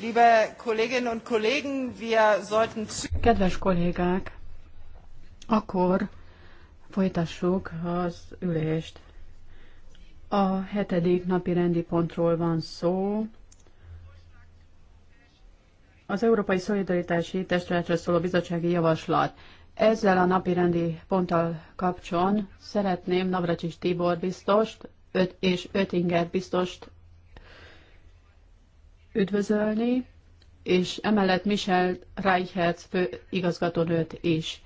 Liebe Kolleginnen und Kollegen, wir sollten... Kedves kollégák, akkor folytassuk az ülést. A hetedik napi rendi pontról van szó. Az Európai Szolidaritási Testületről szóló bizottsági javaslat. Ezzel a napi rendi ponttal kapcsolatban szeretném Navracsis Tibor biztost öt és Ötinger biztost üdvözölni, és emellett Michel Reichert fő igazgatónőt is.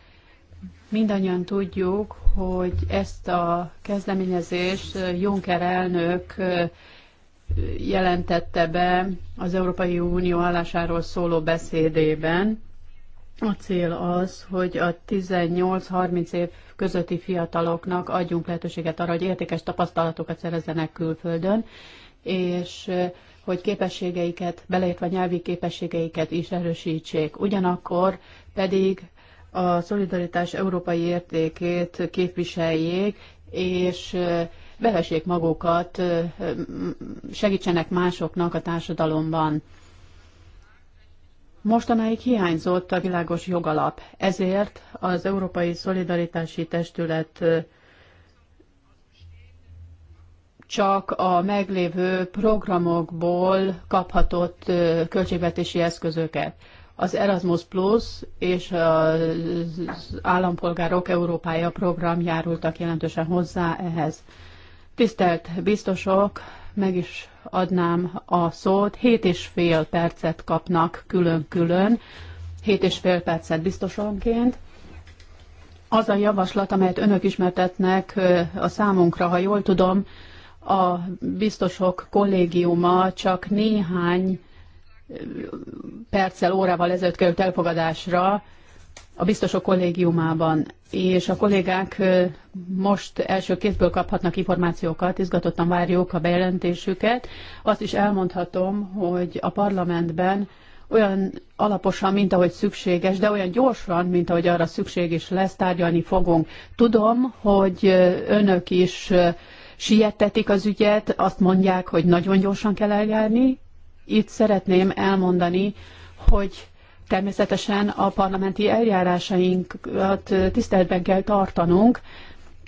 Mindannyian tudjuk, hogy ezt a kezdeményezést Juncker elnök jelentette be az Európai Unió állásáról szóló beszédében. A cél az, hogy a 18-30 év közötti fiataloknak adjunk lehetőséget arra, hogy értékes tapasztalatokat szerezzenek külföldön, és hogy képességeiket, beleértve nyelvi képességeiket is erősítsék. Ugyanakkor pedig a szolidaritás európai értékét képviseljék, és bevesék magukat, segítsenek másoknak a társadalomban. Mostanáig hiányzott a világos jogalap, ezért az Európai Szolidaritási Testület csak a meglévő programokból kaphatott költségvetési eszközöket. Az Erasmus Plus és az Állampolgárok Európája program járultak jelentősen hozzá ehhez. Tisztelt biztosok, meg is adnám a szót. Hét és fél percet kapnak külön-külön, hét és fél percet biztosonként. Az a javaslat, amelyet önök ismertetnek a számunkra, ha jól tudom, a biztosok kollégiuma csak néhány perccel, órával ezelőtt került elfogadásra a biztosok kollégiumában, és a kollégák most első kézből kaphatnak információkat, izgatottan várjuk a bejelentésüket. Azt is elmondhatom, hogy a parlamentben olyan alaposan, mint ahogy szükséges, de olyan gyorsan, mint ahogy arra szükség is lesz, tárgyalni fogunk. Tudom, hogy önök is sietetik az ügyet, azt mondják, hogy nagyon gyorsan kell eljárni. Itt szeretném elmondani, hogy természetesen a parlamenti eljárásainkat tiszteletben kell tartanunk,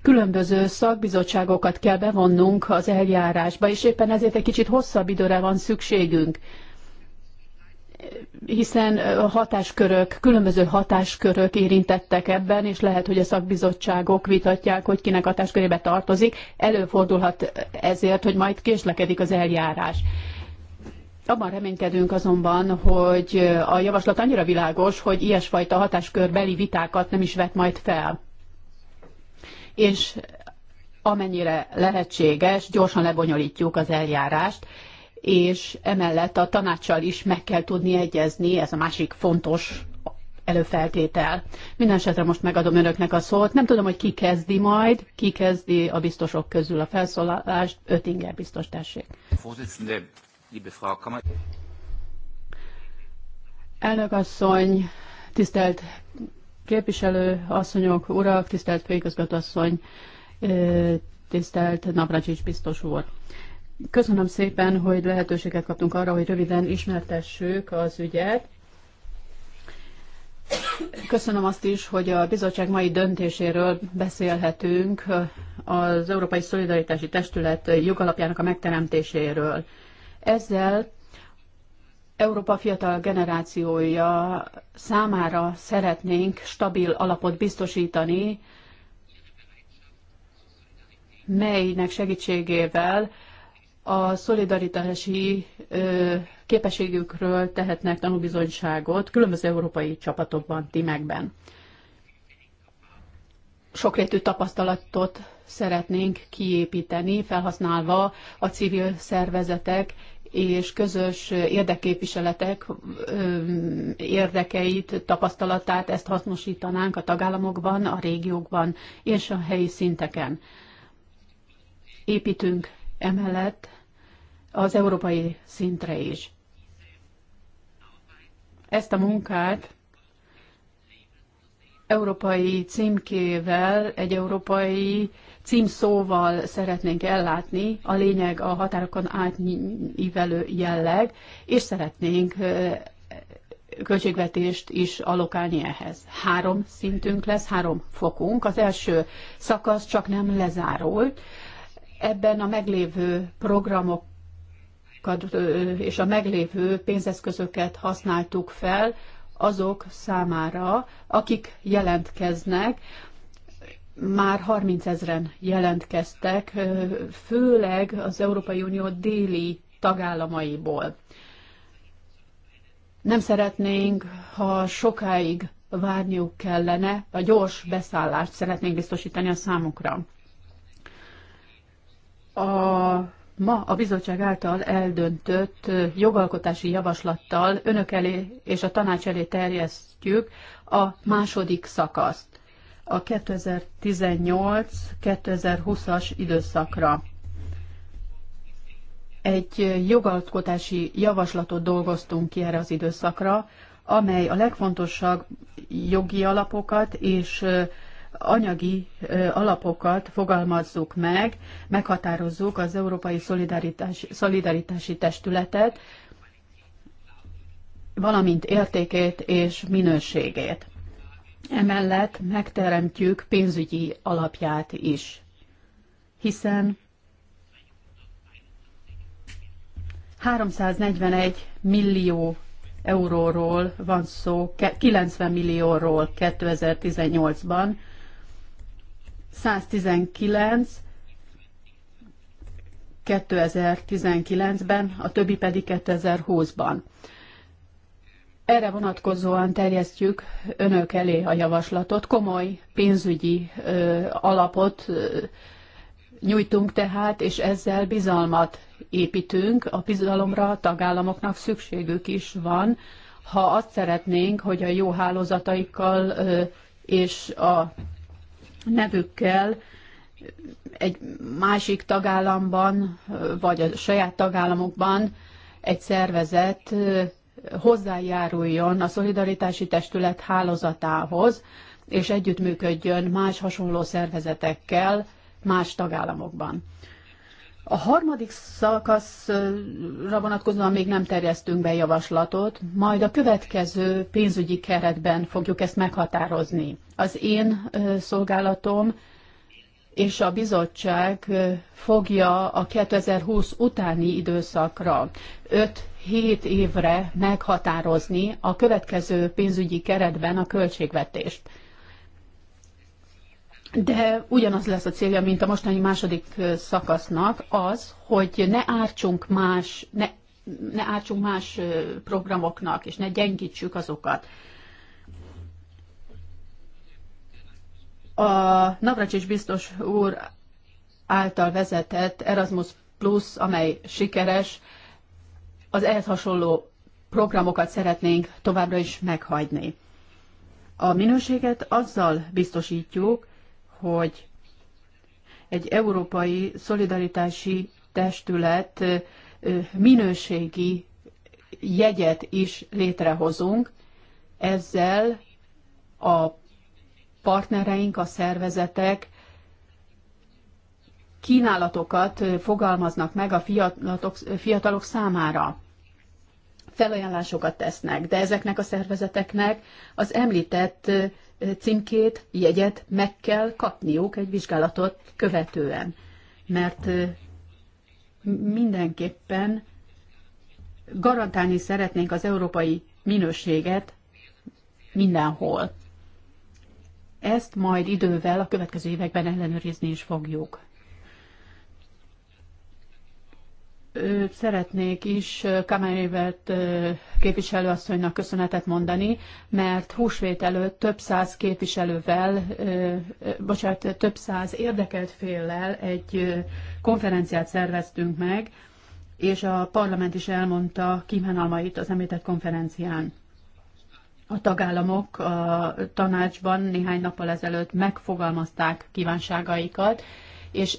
különböző szakbizottságokat kell bevonnunk az eljárásba, és éppen ezért egy kicsit hosszabb időre van szükségünk hiszen a hatáskörök, különböző hatáskörök érintettek ebben, és lehet, hogy a szakbizottságok vitatják, hogy kinek hatáskörébe tartozik. Előfordulhat ezért, hogy majd késlekedik az eljárás. Abban reménykedünk azonban, hogy a javaslat annyira világos, hogy ilyesfajta hatáskörbeli vitákat nem is vet majd fel. És amennyire lehetséges, gyorsan lebonyolítjuk az eljárást, és emellett a tanácssal is meg kell tudni egyezni, ez a másik fontos előfeltétel. Mindenesetre most megadom önöknek a szót. Nem tudom, hogy ki kezdi majd, ki kezdi a biztosok közül a felszólalást. Ötinger biztos, tessék. Elnök asszony, tisztelt képviselő asszonyok, urak, tisztelt főigazgató asszony, tisztelt Navracsics biztos úr. Köszönöm szépen, hogy lehetőséget kaptunk arra, hogy röviden ismertessük az ügyet. Köszönöm azt is, hogy a bizottság mai döntéséről beszélhetünk, az Európai Szolidaritási Testület jogalapjának a megteremtéséről. Ezzel Európa fiatal generációja számára szeretnénk stabil alapot biztosítani, melynek segítségével a szolidaritási képességükről tehetnek tanúbizonyságot különböző európai csapatokban, tímekben. Sokrétű tapasztalatot szeretnénk kiépíteni, felhasználva a civil szervezetek és közös érdekképviseletek érdekeit, tapasztalatát, ezt hasznosítanánk a tagállamokban, a régiókban és a helyi szinteken. Építünk emellett az európai szintre is. Ezt a munkát európai címkével, egy európai címszóval szeretnénk ellátni, a lényeg a határokon átívelő jelleg, és szeretnénk költségvetést is alokálni ehhez. Három szintünk lesz, három fokunk. Az első szakasz csak nem lezárult. Ebben a meglévő programok adatokat és a meglévő pénzeszközöket használtuk fel azok számára, akik jelentkeznek, már 30 ezeren jelentkeztek, főleg az Európai Unió déli tagállamaiból. Nem szeretnénk, ha sokáig várniuk kellene, a gyors beszállást szeretnénk biztosítani a számukra. A Ma a bizottság által eldöntött jogalkotási javaslattal önök elé és a tanács elé terjesztjük a második szakaszt a 2018-2020-as időszakra. Egy jogalkotási javaslatot dolgoztunk ki erre az időszakra, amely a legfontosabb jogi alapokat és anyagi alapokat fogalmazzuk meg, meghatározzuk az Európai Szolidaritás, Szolidaritási Testületet, valamint értékét és minőségét. Emellett megteremtjük pénzügyi alapját is, hiszen 341 millió euróról van szó, 90 millióról 2018-ban, 119 2019-ben, a többi pedig 2020-ban. Erre vonatkozóan terjesztjük önök elé a javaslatot. Komoly pénzügyi ö, alapot ö, nyújtunk tehát, és ezzel bizalmat építünk. A bizalomra a tagállamoknak szükségük is van, ha azt szeretnénk, hogy a jó hálózataikkal ö, és a nevükkel egy másik tagállamban, vagy a saját tagállamokban egy szervezet hozzájáruljon a szolidaritási testület hálózatához, és együttműködjön más hasonló szervezetekkel más tagállamokban. A harmadik szakaszra vonatkozóan még nem terjesztünk be javaslatot, majd a következő pénzügyi keretben fogjuk ezt meghatározni. Az én szolgálatom és a bizottság fogja a 2020 utáni időszakra 5-7 évre meghatározni a következő pénzügyi keretben a költségvetést de ugyanaz lesz a célja, mint a mostani második szakasznak, az, hogy ne ártsunk más, ne, ne ártsunk más programoknak, és ne gyengítsük azokat. A Navracsis biztos úr által vezetett Erasmus Plus, amely sikeres, az ehhez hasonló programokat szeretnénk továbbra is meghagyni. A minőséget azzal biztosítjuk, hogy egy európai szolidaritási testület minőségi jegyet is létrehozunk. Ezzel a partnereink, a szervezetek kínálatokat fogalmaznak meg a fiatalok, fiatalok számára. Felajánlásokat tesznek, de ezeknek a szervezeteknek az említett címkét, jegyet meg kell kapniuk egy vizsgálatot követően, mert mindenképpen garantálni szeretnénk az európai minőséget mindenhol. Ezt majd idővel a következő években ellenőrizni is fogjuk. szeretnék is Kamerévet képviselőasszonynak köszönetet mondani, mert húsvét előtt több száz képviselővel, bocsánat, több száz érdekelt féllel egy konferenciát szerveztünk meg, és a parlament is elmondta kívánalmait az említett konferencián. A tagállamok a tanácsban néhány nappal ezelőtt megfogalmazták kívánságaikat, és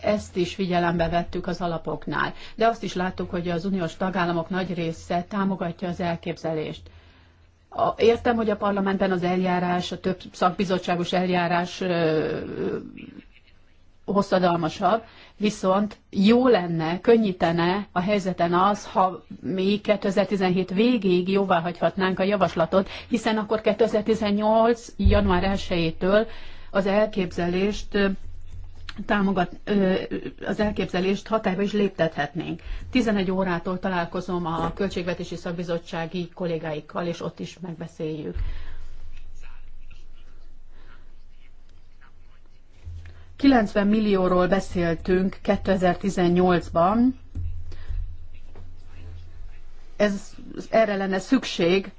ezt is figyelembe vettük az alapoknál. De azt is láttuk, hogy az uniós tagállamok nagy része támogatja az elképzelést. Értem, hogy a parlamentben az eljárás, a több szakbizottságos eljárás hosszadalmasabb, viszont jó lenne, könnyítene a helyzeten az, ha mi 2017 végéig jóvá hagyhatnánk a javaslatot, hiszen akkor 2018. január 1-től az elképzelést támogat, az elképzelést hatályba is léptethetnénk. 11 órától találkozom a Költségvetési Szakbizottsági kollégáikkal, és ott is megbeszéljük. ...90 millióról beszéltünk 2018-ban. Ez, erre lenne szükség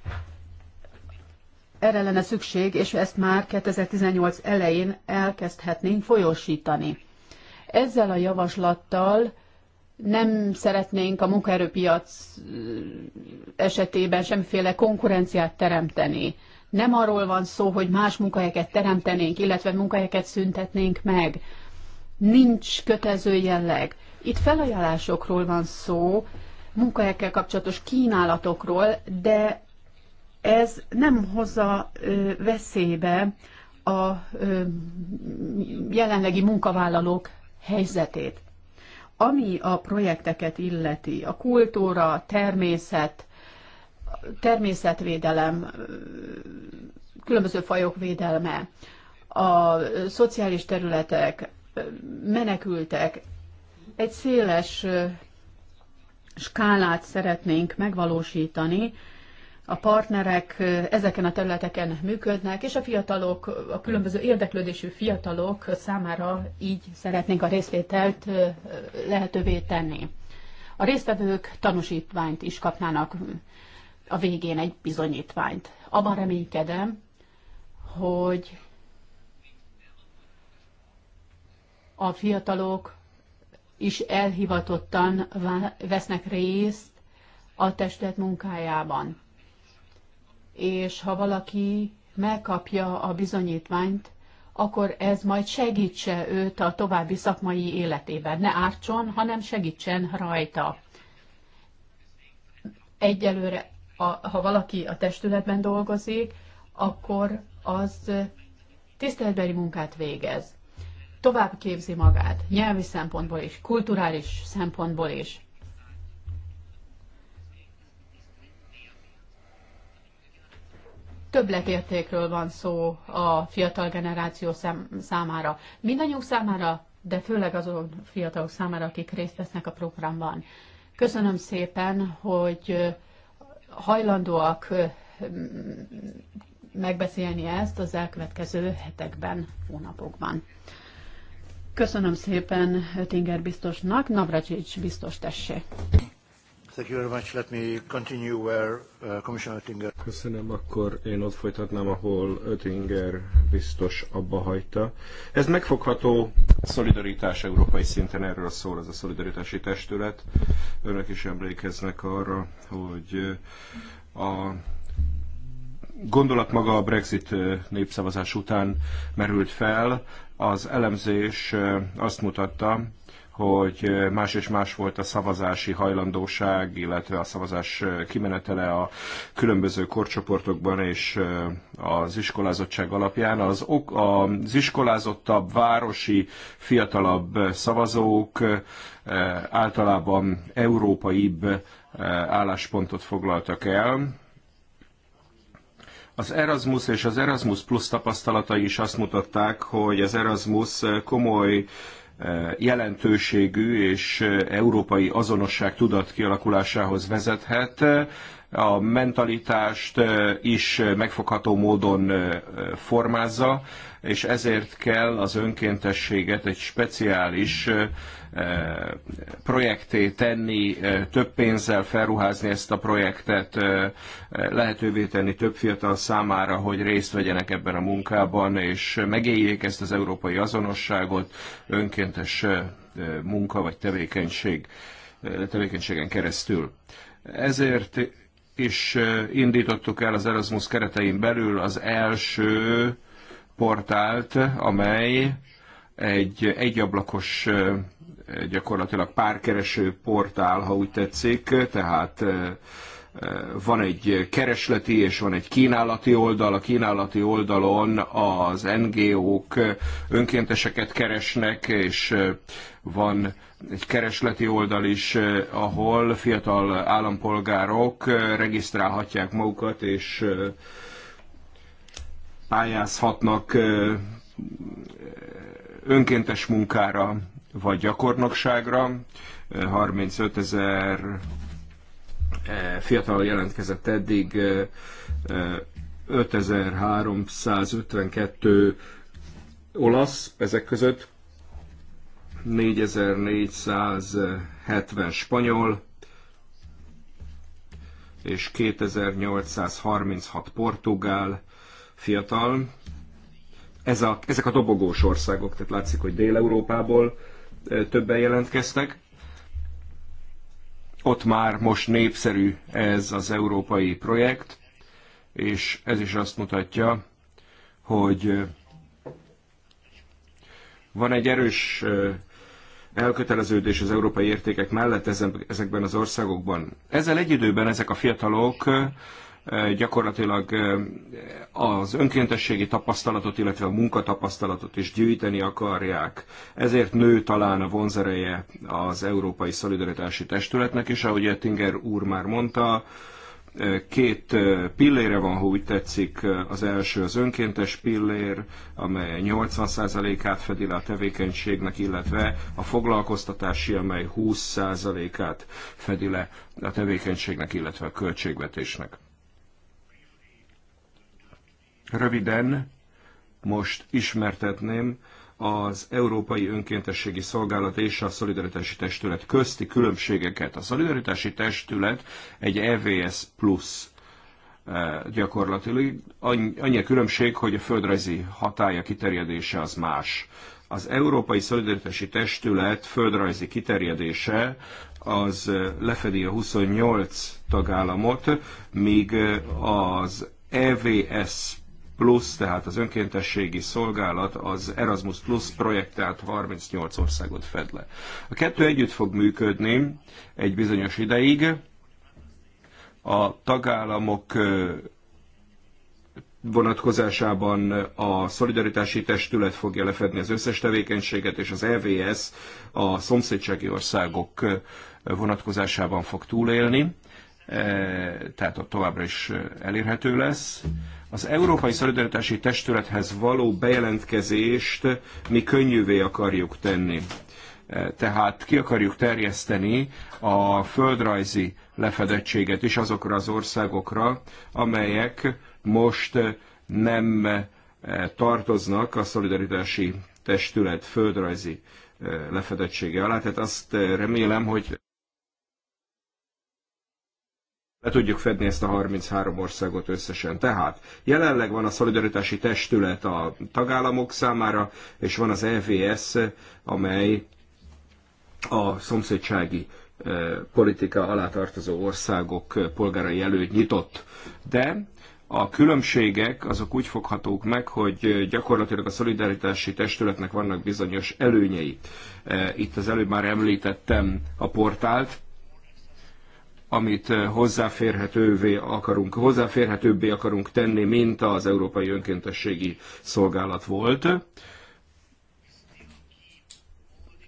erre lenne szükség, és ezt már 2018 elején elkezdhetnénk folyósítani. Ezzel a javaslattal nem szeretnénk a munkaerőpiac esetében semmiféle konkurenciát teremteni. Nem arról van szó, hogy más munkahelyeket teremtenénk, illetve munkahelyeket szüntetnénk meg. Nincs kötező jelleg. Itt felajánlásokról van szó, munkahelyekkel kapcsolatos kínálatokról, de ez nem hozza veszélybe a jelenlegi munkavállalók helyzetét. Ami a projekteket illeti, a kultúra, természet, természetvédelem, különböző fajok védelme, a szociális területek, menekültek, egy széles skálát szeretnénk megvalósítani, a partnerek ezeken a területeken működnek, és a fiatalok, a különböző érdeklődésű fiatalok számára így szeretnénk a részvételt lehetővé tenni. A résztvevők tanúsítványt is kapnának a végén egy bizonyítványt. Abban reménykedem, hogy a fiatalok is elhivatottan vesznek részt a testület munkájában és ha valaki megkapja a bizonyítványt, akkor ez majd segítse őt a további szakmai életében. Ne ártson, hanem segítsen rajta. Egyelőre, a, ha valaki a testületben dolgozik, akkor az tiszteletbeli munkát végez. Tovább képzi magát, nyelvi szempontból is, kulturális szempontból is. többletértékről van szó a fiatal generáció szem, számára. Mindannyiunk számára, de főleg azon fiatalok számára, akik részt vesznek a programban. Köszönöm szépen, hogy hajlandóak megbeszélni ezt az elkövetkező hetekben, hónapokban. Köszönöm szépen Tinger biztosnak, Navracsics biztos tessék. Uh, Köszönöm, akkor én ott folytatnám, ahol Oettinger biztos abba hagyta. Ez megfogható szolidaritás európai szinten, erről szól ez a szolidaritási testület. Önök is emlékeznek arra, hogy uh, a gondolat maga a Brexit uh, népszavazás után merült fel. Az elemzés azt mutatta, hogy más és más volt a szavazási hajlandóság, illetve a szavazás kimenetele a különböző korcsoportokban és az iskolázottság alapján. Az, ok az iskolázottabb, városi, fiatalabb szavazók általában európaibb álláspontot foglaltak el, az Erasmus és az Erasmus Plus tapasztalatai is azt mutatták, hogy az Erasmus komoly jelentőségű és európai azonosság tudat kialakulásához vezethet. A mentalitást is megfogható módon formázza, és ezért kell az önkéntességet egy speciális Eh, projekté tenni, eh, több pénzzel felruházni ezt a projektet, eh, lehetővé tenni több fiatal számára, hogy részt vegyenek ebben a munkában, és megéljék ezt az európai azonosságot, önkéntes munka vagy tevékenység, tevékenységen keresztül. Ezért is indítottuk el az Erasmus keretein belül az első portált, amely egy egyablakos gyakorlatilag párkereső portál, ha úgy tetszik, tehát van egy keresleti és van egy kínálati oldal. A kínálati oldalon az NGO-k önkénteseket keresnek, és van egy keresleti oldal is, ahol fiatal állampolgárok regisztrálhatják magukat, és pályázhatnak önkéntes munkára vagy gyakornokságra. 35 ezer eh, fiatal jelentkezett eddig, 5352 eh, eh, olasz ezek között, 4470 spanyol, és 2836 portugál fiatal. Ez a, ezek a dobogós országok, tehát látszik, hogy Dél-Európából többen jelentkeztek. Ott már most népszerű ez az európai projekt, és ez is azt mutatja, hogy van egy erős elköteleződés az európai értékek mellett ezekben az országokban. Ezzel egy időben ezek a fiatalok gyakorlatilag az önkéntességi tapasztalatot, illetve a munkatapasztalatot is gyűjteni akarják. Ezért nő talán a vonzereje az Európai Szolidaritási Testületnek, és ahogy Ettinger úr már mondta, két pillére van, ha úgy tetszik. Az első az önkéntes pillér, amely 80%-át fedi le a tevékenységnek, illetve a foglalkoztatási, amely 20%-át fedi le a tevékenységnek, illetve a költségvetésnek. Röviden most ismertetném az Európai Önkéntességi Szolgálat és a Szolidaritási Testület közti különbségeket. A Szolidaritási Testület egy EVS plusz eh, gyakorlatilag. Annyi a különbség, hogy a földrajzi hatája kiterjedése az más. Az Európai Szolidaritási Testület földrajzi kiterjedése az eh, lefedi a 28 tagállamot, míg eh, az EVS Plus, tehát az önkéntességi szolgálat az Erasmus Plus projekt, tehát 38 országot fed le. A kettő együtt fog működni egy bizonyos ideig. A tagállamok vonatkozásában a Szolidaritási Testület fogja lefedni az összes tevékenységet, és az EVS a szomszédsági országok vonatkozásában fog túlélni. E, tehát ott továbbra is e, elérhető lesz. Az Európai Szolidaritási Testülethez való bejelentkezést mi könnyűvé akarjuk tenni. E, tehát ki akarjuk terjeszteni a földrajzi lefedettséget is azokra az országokra, amelyek most nem tartoznak a szolidaritási testület földrajzi lefedettsége alá. Tehát azt remélem, hogy le tudjuk fedni ezt a 33 országot összesen. Tehát jelenleg van a szolidaritási testület a tagállamok számára, és van az EVS, amely a szomszédsági e, politika alá tartozó országok e, polgárai előtt nyitott. De a különbségek azok úgy foghatók meg, hogy gyakorlatilag a szolidaritási testületnek vannak bizonyos előnyei. E, itt az előbb már említettem a portált, amit eh, hozzáférhetővé akarunk, hozzáférhetőbbé akarunk tenni, mint az Európai Önkéntességi Szolgálat volt.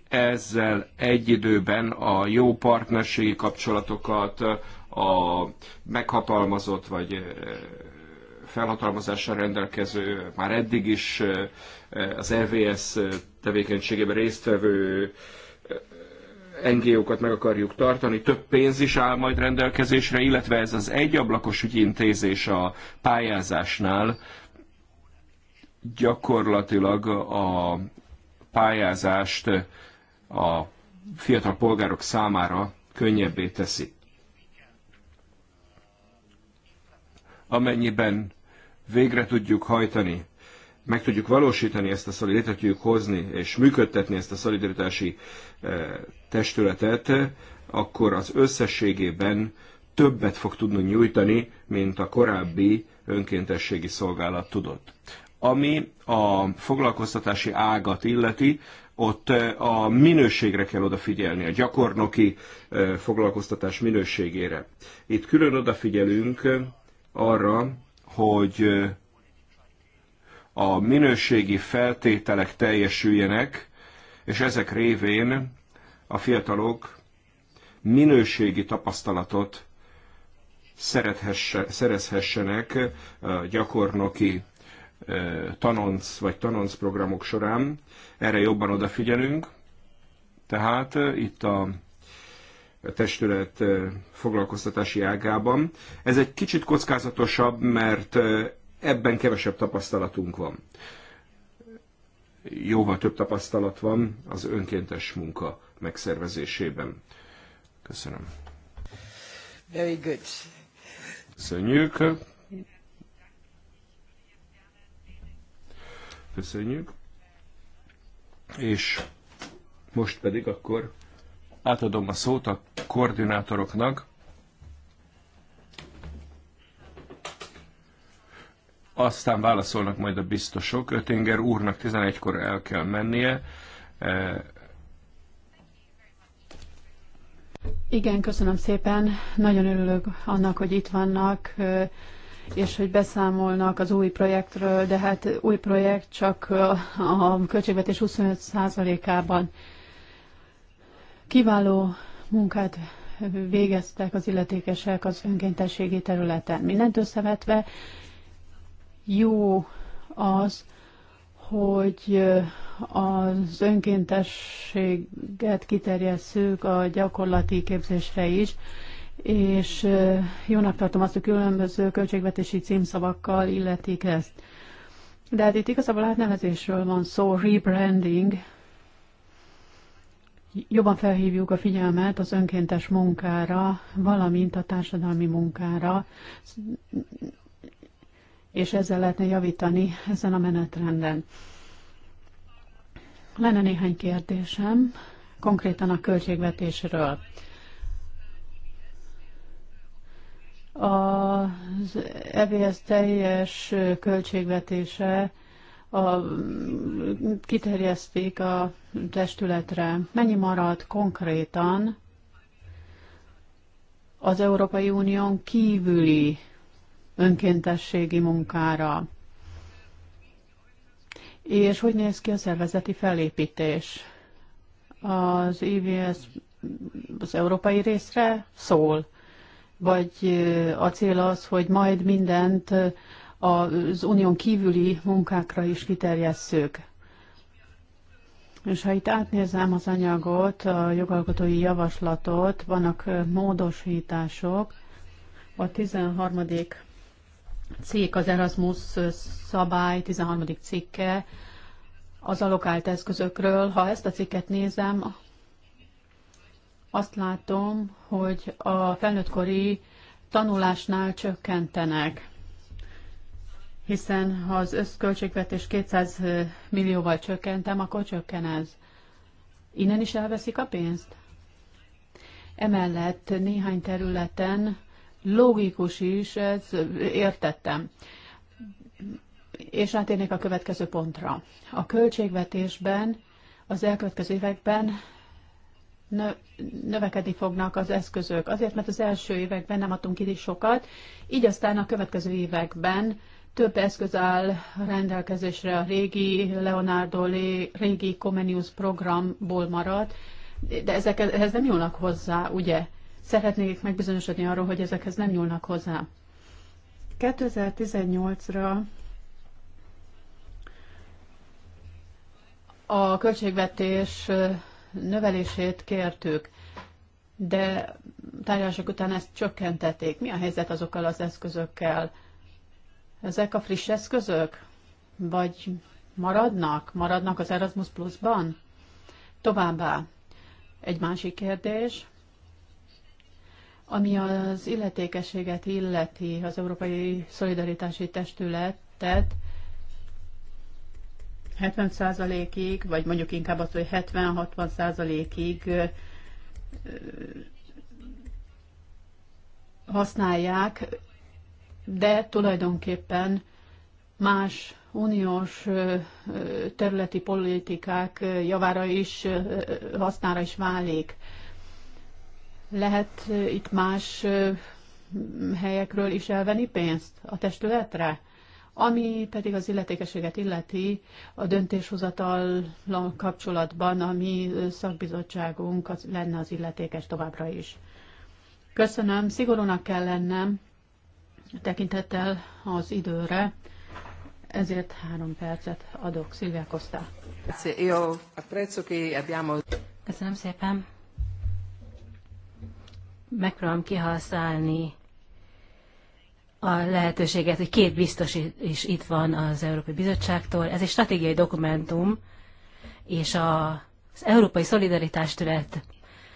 Ezzel egy időben a jó partnerségi kapcsolatokat, a meghatalmazott vagy eh, felhatalmazással rendelkező, már eddig is eh, az EVS tevékenységében résztvevő NGO-kat meg akarjuk tartani, több pénz is áll majd rendelkezésre, illetve ez az egyablakos ügyintézés a pályázásnál gyakorlatilag a pályázást a fiatal polgárok számára könnyebbé teszi. Amennyiben végre tudjuk hajtani meg tudjuk valósítani ezt a szolidaritást, tudjuk hozni és működtetni ezt a szolidaritási eh, testületet, akkor az összességében többet fog tudni nyújtani, mint a korábbi önkéntességi szolgálat tudott. Ami a foglalkoztatási ágat illeti, ott eh, a minőségre kell odafigyelni, a gyakornoki eh, foglalkoztatás minőségére. Itt külön odafigyelünk arra, hogy a minőségi feltételek teljesüljenek, és ezek révén a fiatalok minőségi tapasztalatot szerezhessenek gyakornoki tanonc vagy tanonc programok során. Erre jobban odafigyelünk. Tehát itt a testület foglalkoztatási ágában. Ez egy kicsit kockázatosabb, mert Ebben kevesebb tapasztalatunk van. Jóval több tapasztalat van az önkéntes munka megszervezésében. Köszönöm. Very good. Köszönjük. Köszönjük. És most pedig akkor átadom a szót a koordinátoroknak. aztán válaszolnak majd a biztosok. Ötinger úrnak 11-kor el kell mennie. E, Igen, köszönöm szépen. Nagyon örülök annak, hogy itt vannak, e, és hogy beszámolnak az új projektről, de hát új projekt csak a költségvetés 25%-ában. Kiváló munkát végeztek az illetékesek az önkéntességi területen. Mindent összevetve jó az, hogy az önkéntességet kiterjesszük a gyakorlati képzésre is, és jónak tartom azt, hogy különböző költségvetési címszavakkal illetik ezt. De hát itt igazából átnevezésről van szó, rebranding. Jobban felhívjuk a figyelmet az önkéntes munkára, valamint a társadalmi munkára és ezzel lehetne javítani ezen a menetrenden. Lenne néhány kérdésem, konkrétan a költségvetésről. Az EVS teljes költségvetése a, kiterjeszték a testületre. Mennyi marad konkrétan az Európai Unión kívüli önkéntességi munkára. És hogy néz ki a szervezeti felépítés? Az IVS az európai részre szól, vagy a cél az, hogy majd mindent az unión kívüli munkákra is kiterjesszük. És ha itt átnézem az anyagot, a jogalkotói javaslatot, vannak módosítások. A 13 cikk, az Erasmus szabály 13. cikke az alokált eszközökről. Ha ezt a cikket nézem, azt látom, hogy a felnőttkori tanulásnál csökkentenek, hiszen ha az összköltségvetés 200 millióval csökkentem, akkor csökken ez. Innen is elveszik a pénzt? Emellett néhány területen logikus is, ez értettem. És átérnék a következő pontra. A költségvetésben az elkövetkező években növekedni fognak az eszközök. Azért, mert az első években nem adtunk ki sokat, így aztán a következő években több eszköz áll rendelkezésre a régi Leonardo Lé, régi Comenius programból maradt, de ezek, ez nem jólnak hozzá, ugye? szeretnék megbizonyosodni arról, hogy ezekhez nem nyúlnak hozzá. 2018-ra a költségvetés növelését kértük, de tárgyalások után ezt csökkentették. Mi a helyzet azokkal az eszközökkel? Ezek a friss eszközök? Vagy maradnak? Maradnak az Erasmus Plus-ban? Továbbá egy másik kérdés. Ami az illetékességet illeti, az Európai Szolidaritási Testületet 70%-ig, vagy mondjuk inkább az, hogy 70-60%-ig használják, de tulajdonképpen más uniós területi politikák javára is, hasznára is válik. Lehet itt más helyekről is elvenni pénzt a testületre? Ami pedig az illetékeséget illeti a döntéshozatal kapcsolatban, ami szakbizottságunk az, lenne az illetékes továbbra is. Köszönöm, szigorúnak kell lennem tekintettel az időre, ezért három percet adok Szilvia Kosta. Köszönöm szépen megpróbálom kihasználni a lehetőséget, hogy két biztos is itt van az Európai Bizottságtól. Ez egy stratégiai dokumentum, és a, az Európai Szolidaritás Tület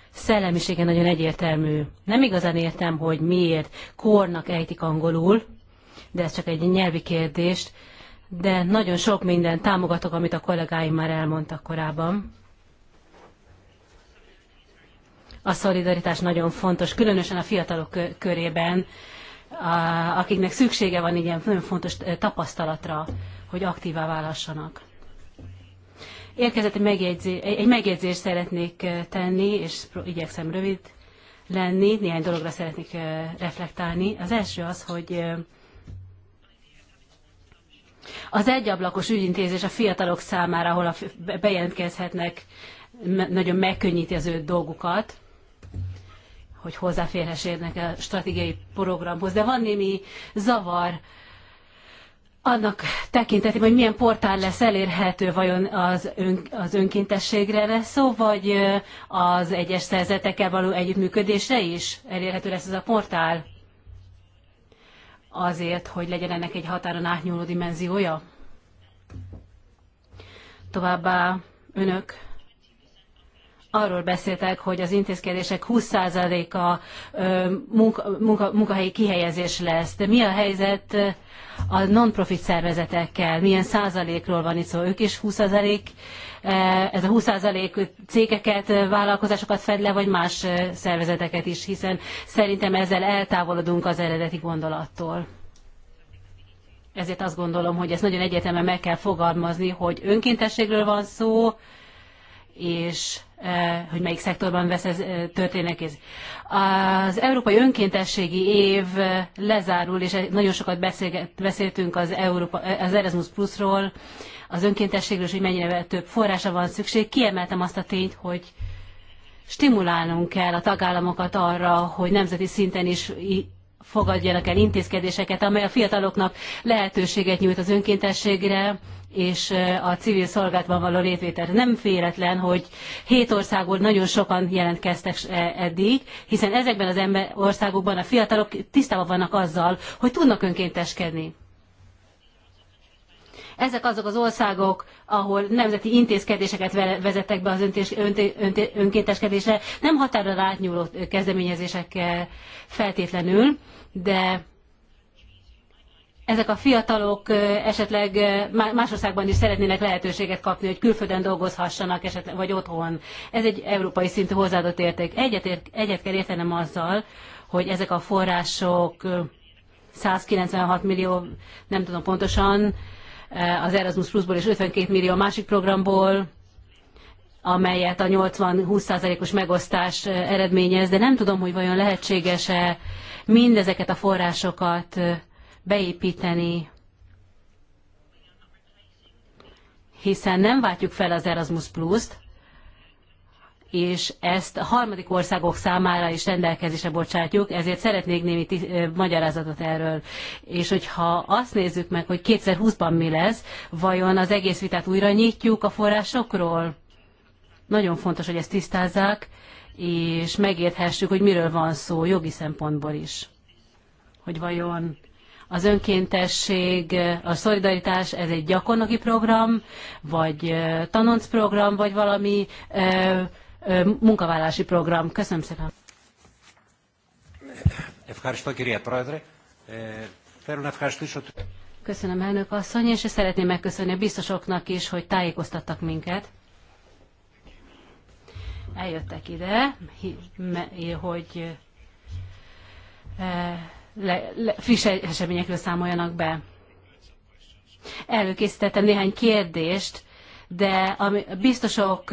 szellemisége nagyon egyértelmű. Nem igazán értem, hogy miért kornak ejtik angolul, de ez csak egy nyelvi kérdést, de nagyon sok mindent támogatok, amit a kollégáim már elmondtak korábban a szolidaritás nagyon fontos, különösen a fiatalok körében, akiknek szüksége van ilyen nagyon fontos eh, tapasztalatra, hogy aktívá válhassanak. Érkezett egy, megjegyzé, egy megjegyzést szeretnék eh, tenni, és igyekszem rövid lenni, néhány dologra szeretnék eh, reflektálni. Az első az, hogy az egyablakos ügyintézés a fiatalok számára, ahol bejelentkezhetnek, nagyon megkönnyíti az ő dolgukat hogy hozzáférhessenek a stratégiai programhoz, de van némi zavar annak tekintetében, hogy milyen portál lesz elérhető, vajon az, ön, az önkéntességre lesz szó, vagy az egyes szerzetekkel való együttműködésre is elérhető lesz ez a portál? Azért, hogy legyen ennek egy határon átnyúló dimenziója? Továbbá önök arról beszéltek, hogy az intézkedések 20%-a munka, munka, munkahelyi kihelyezés lesz. De mi a helyzet a non-profit szervezetekkel? Milyen százalékról van itt szó? ők is 20% e, ez a 20% cégeket, e, vállalkozásokat fed le, vagy más e, szervezeteket is, hiszen szerintem ezzel eltávolodunk az eredeti gondolattól. Ezért azt gondolom, hogy ezt nagyon egyetemen meg kell fogalmazni, hogy önkéntességről van szó, és Eh, hogy melyik szektorban vesz ez, eh, történnek ez. Az Európai Önkéntességi Év eh, lezárul, és nagyon sokat beszéltünk az, Európa, az Erasmus Plusról, az önkéntességről, és hogy mennyire több forrása van szükség. Kiemeltem azt a tényt, hogy stimulálnunk kell a tagállamokat arra, hogy nemzeti szinten is fogadjanak el intézkedéseket, amely a fiataloknak lehetőséget nyújt az önkéntességre és a civil szolgálatban való létvételre. Nem féletlen, hogy hét országból nagyon sokan jelentkeztek eddig, hiszen ezekben az országokban a fiatalok tisztában vannak azzal, hogy tudnak önkénteskedni. Ezek azok az országok, ahol nemzeti intézkedéseket vezettek be az önkénteskedésre, nem határon átnyúló kezdeményezésekkel feltétlenül, de ezek a fiatalok esetleg más országban is szeretnének lehetőséget kapni, hogy külföldön dolgozhassanak, esetleg, vagy otthon. Ez egy európai szintű hozzáadott érték. Egyet, egyet kell értenem azzal, hogy ezek a források 196 millió, nem tudom pontosan, Eh, az Erasmus Plusból és 52 millió a másik programból, amelyet a 80-20%-os megosztás eh, eredményez, de nem tudom, hogy vajon lehetséges-e mindezeket a forrásokat eh, beépíteni, hiszen nem váltjuk fel az Erasmus Plus-t, és ezt a harmadik országok számára is rendelkezésre bocsátjuk, ezért szeretnék némi magyarázatot erről. És hogyha azt nézzük meg, hogy 2020-ban mi lesz, vajon az egész vitát újra nyitjuk a forrásokról? Nagyon fontos, hogy ezt tisztázzák, és megérthessük, hogy miről van szó jogi szempontból is. Hogy vajon az önkéntesség, a szolidaritás, ez egy gyakornoki program, vagy tanoncprogram, vagy valami munkavállási program. Köszönöm szépen. E, Köszönöm elnök asszony, és szeretném megköszönni a biztosoknak is, hogy tájékoztattak minket. Eljöttek ide, hogy e, le, le, friss eseményekről számoljanak be. Előkészítettem néhány kérdést, de a biztosok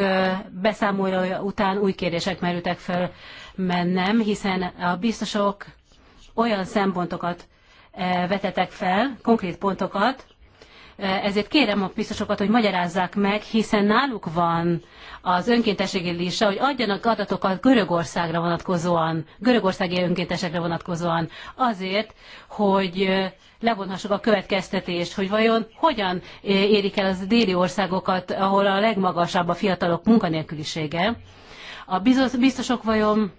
beszámolója után új kérdések merültek fel mennem, hiszen a biztosok olyan szempontokat vetetek fel, konkrét pontokat, ezért kérem a biztosokat, hogy magyarázzák meg, hiszen náluk van az önkéntességi lista, hogy adjanak adatokat Görögországra vonatkozóan, görögországi önkéntesekre vonatkozóan, azért, hogy levonhassuk a következtetést, hogy vajon hogyan érik el az déli országokat, ahol a legmagasabb a fiatalok munkanélkülisége. A biztosok vajon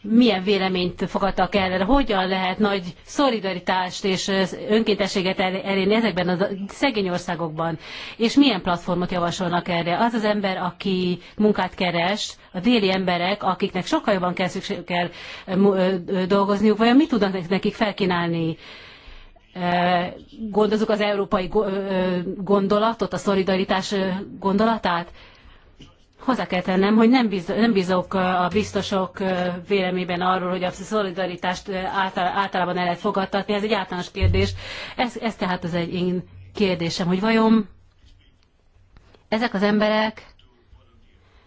milyen véleményt fogadtak el, hogyan lehet nagy szolidaritást és önkéntességet elérni ezekben a szegény országokban, és milyen platformot javasolnak erre. Az az ember, aki munkát keres, a déli emberek, akiknek sokkal jobban kell, kell dolgozniuk, vajon mit tudnak nekik felkínálni? Gondozunk az európai gondolatot, a szolidaritás gondolatát? hozzá kell tennem, hogy nem, biz, nem bízok a biztosok véleményben arról, hogy a szolidaritást általában el lehet fogadtatni, ez egy általános kérdés. Ez, ez tehát az egy én kérdésem, hogy vajon ezek az emberek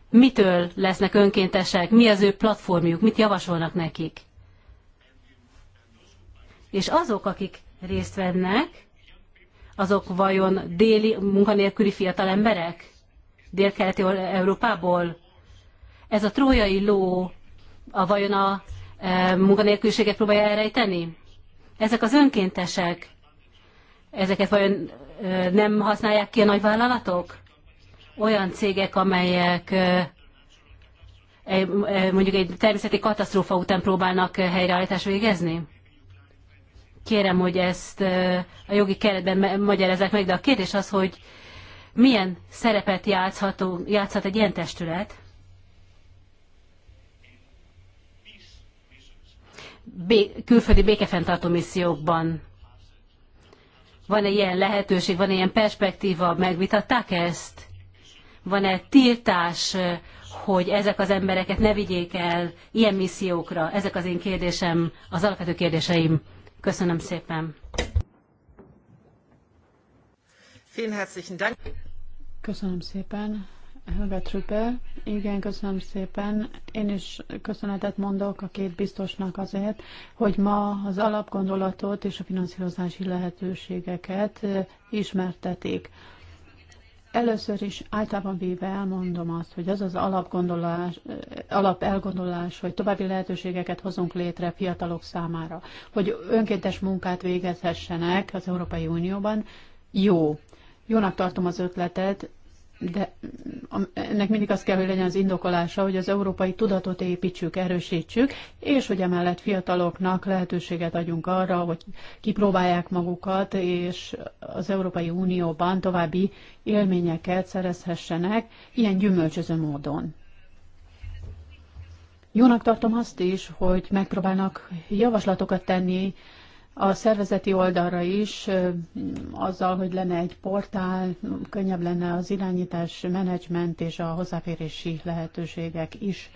mitől lesznek önkéntesek, mi az ő platformjuk, mit javasolnak nekik. És azok, akik részt vennek, azok vajon déli munkanélküli fiatal emberek? délkeleti Európából? Ez a trójai ló a vajon a e, munkanélküliséget próbálja elrejteni? Ezek az önkéntesek, ezeket vajon e, nem használják ki a nagyvállalatok? Olyan cégek, amelyek e, e mondjuk egy természeti katasztrófa után próbálnak helyreállítást végezni? Kérem, hogy ezt e, a jogi keretben magyarázzák meg, de a kérdés az, hogy milyen szerepet játszható, játszhat egy ilyen testület? Bé- külföldi békefenntartó missziókban. Van-e ilyen lehetőség, van-e ilyen perspektíva, megvitatták ezt? Van-e tiltás, eh, hogy ezek az embereket ne vigyék el ilyen missziókra? Ezek az én kérdésem, az alapvető kérdéseim. Köszönöm szépen. Köszönöm szépen. Helga Trüppel. Igen, köszönöm szépen. Én is köszönetet mondok a két biztosnak azért, hogy ma az alapgondolatot és a finanszírozási lehetőségeket ismertetik. Először is általában véve elmondom azt, hogy az az alapgondolás, elgondolás, hogy további lehetőségeket hozunk létre fiatalok számára, hogy önkéntes munkát végezhessenek az Európai Unióban, jó. Jónak tartom az ötletet, de ennek mindig az kell, hogy legyen az indokolása, hogy az európai tudatot építsük, erősítsük, és hogy emellett fiataloknak lehetőséget adjunk arra, hogy kipróbálják magukat, és az Európai Unióban további élményeket szerezhessenek ilyen gyümölcsöző módon. Jónak tartom azt is, hogy megpróbálnak javaslatokat tenni a szervezeti oldalra is, azzal, hogy lenne egy portál, könnyebb lenne az irányítás, menedzsment és a hozzáférési lehetőségek is.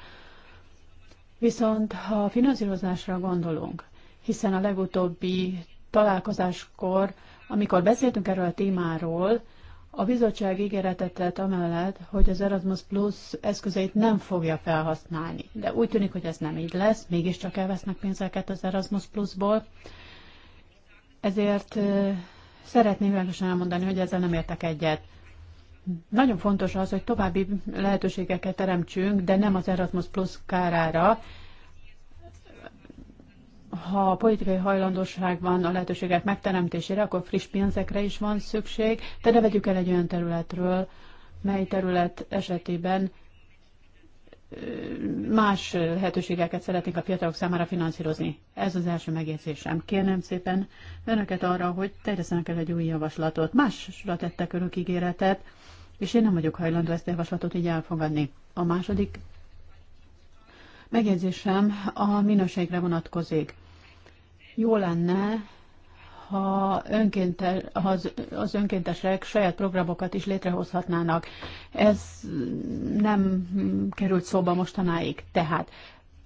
Viszont ha a finanszírozásra gondolunk, hiszen a legutóbbi találkozáskor, amikor beszéltünk erről a témáról, a bizottság ígéretet tett amellett, hogy az Erasmus Plus eszközeit nem fogja felhasználni. De úgy tűnik, hogy ez nem így lesz, mégiscsak elvesznek pénzeket az Erasmus Plusból. ból ezért szeretném világosan elmondani, hogy ezzel nem értek egyet. Nagyon fontos az, hogy további lehetőségeket teremtsünk, de nem az Erasmus Plus kárára. Ha a politikai hajlandóság van a lehetőségek megteremtésére, akkor friss pénzekre is van szükség, de ne vegyük el egy olyan területről, mely terület esetében más lehetőségeket szeretnék a fiatalok számára finanszírozni. Ez az első megjegyzésem. Kérném szépen önöket arra, hogy terjesztenek el egy új javaslatot. Másra tettek önök ígéretet, és én nem vagyok hajlandó ezt a javaslatot így elfogadni. A második megjegyzésem a minőségre vonatkozik. Jó lenne, ha, önkéntes, ha az, az önkéntesek saját programokat is létrehozhatnának. Ez nem került szóba mostanáig. Tehát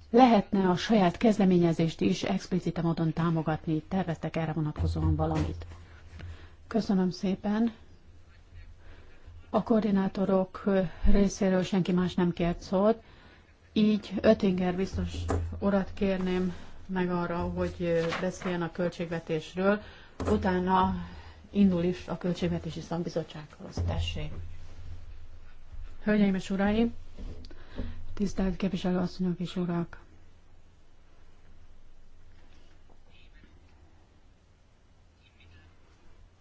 lehetne a saját kezdeményezést is explicite módon támogatni. Terveztek erre vonatkozóan valamit. Köszönöm szépen. A koordinátorok részéről senki más nem kért szót, így Ötinger biztos urat kérném meg arra, hogy beszéljen a költségvetésről, utána indul is a Költségvetési Szakbizottsághoz. Tessék! Hölgyeim és Uraim! Tisztelt képviselőasszonyok és urak!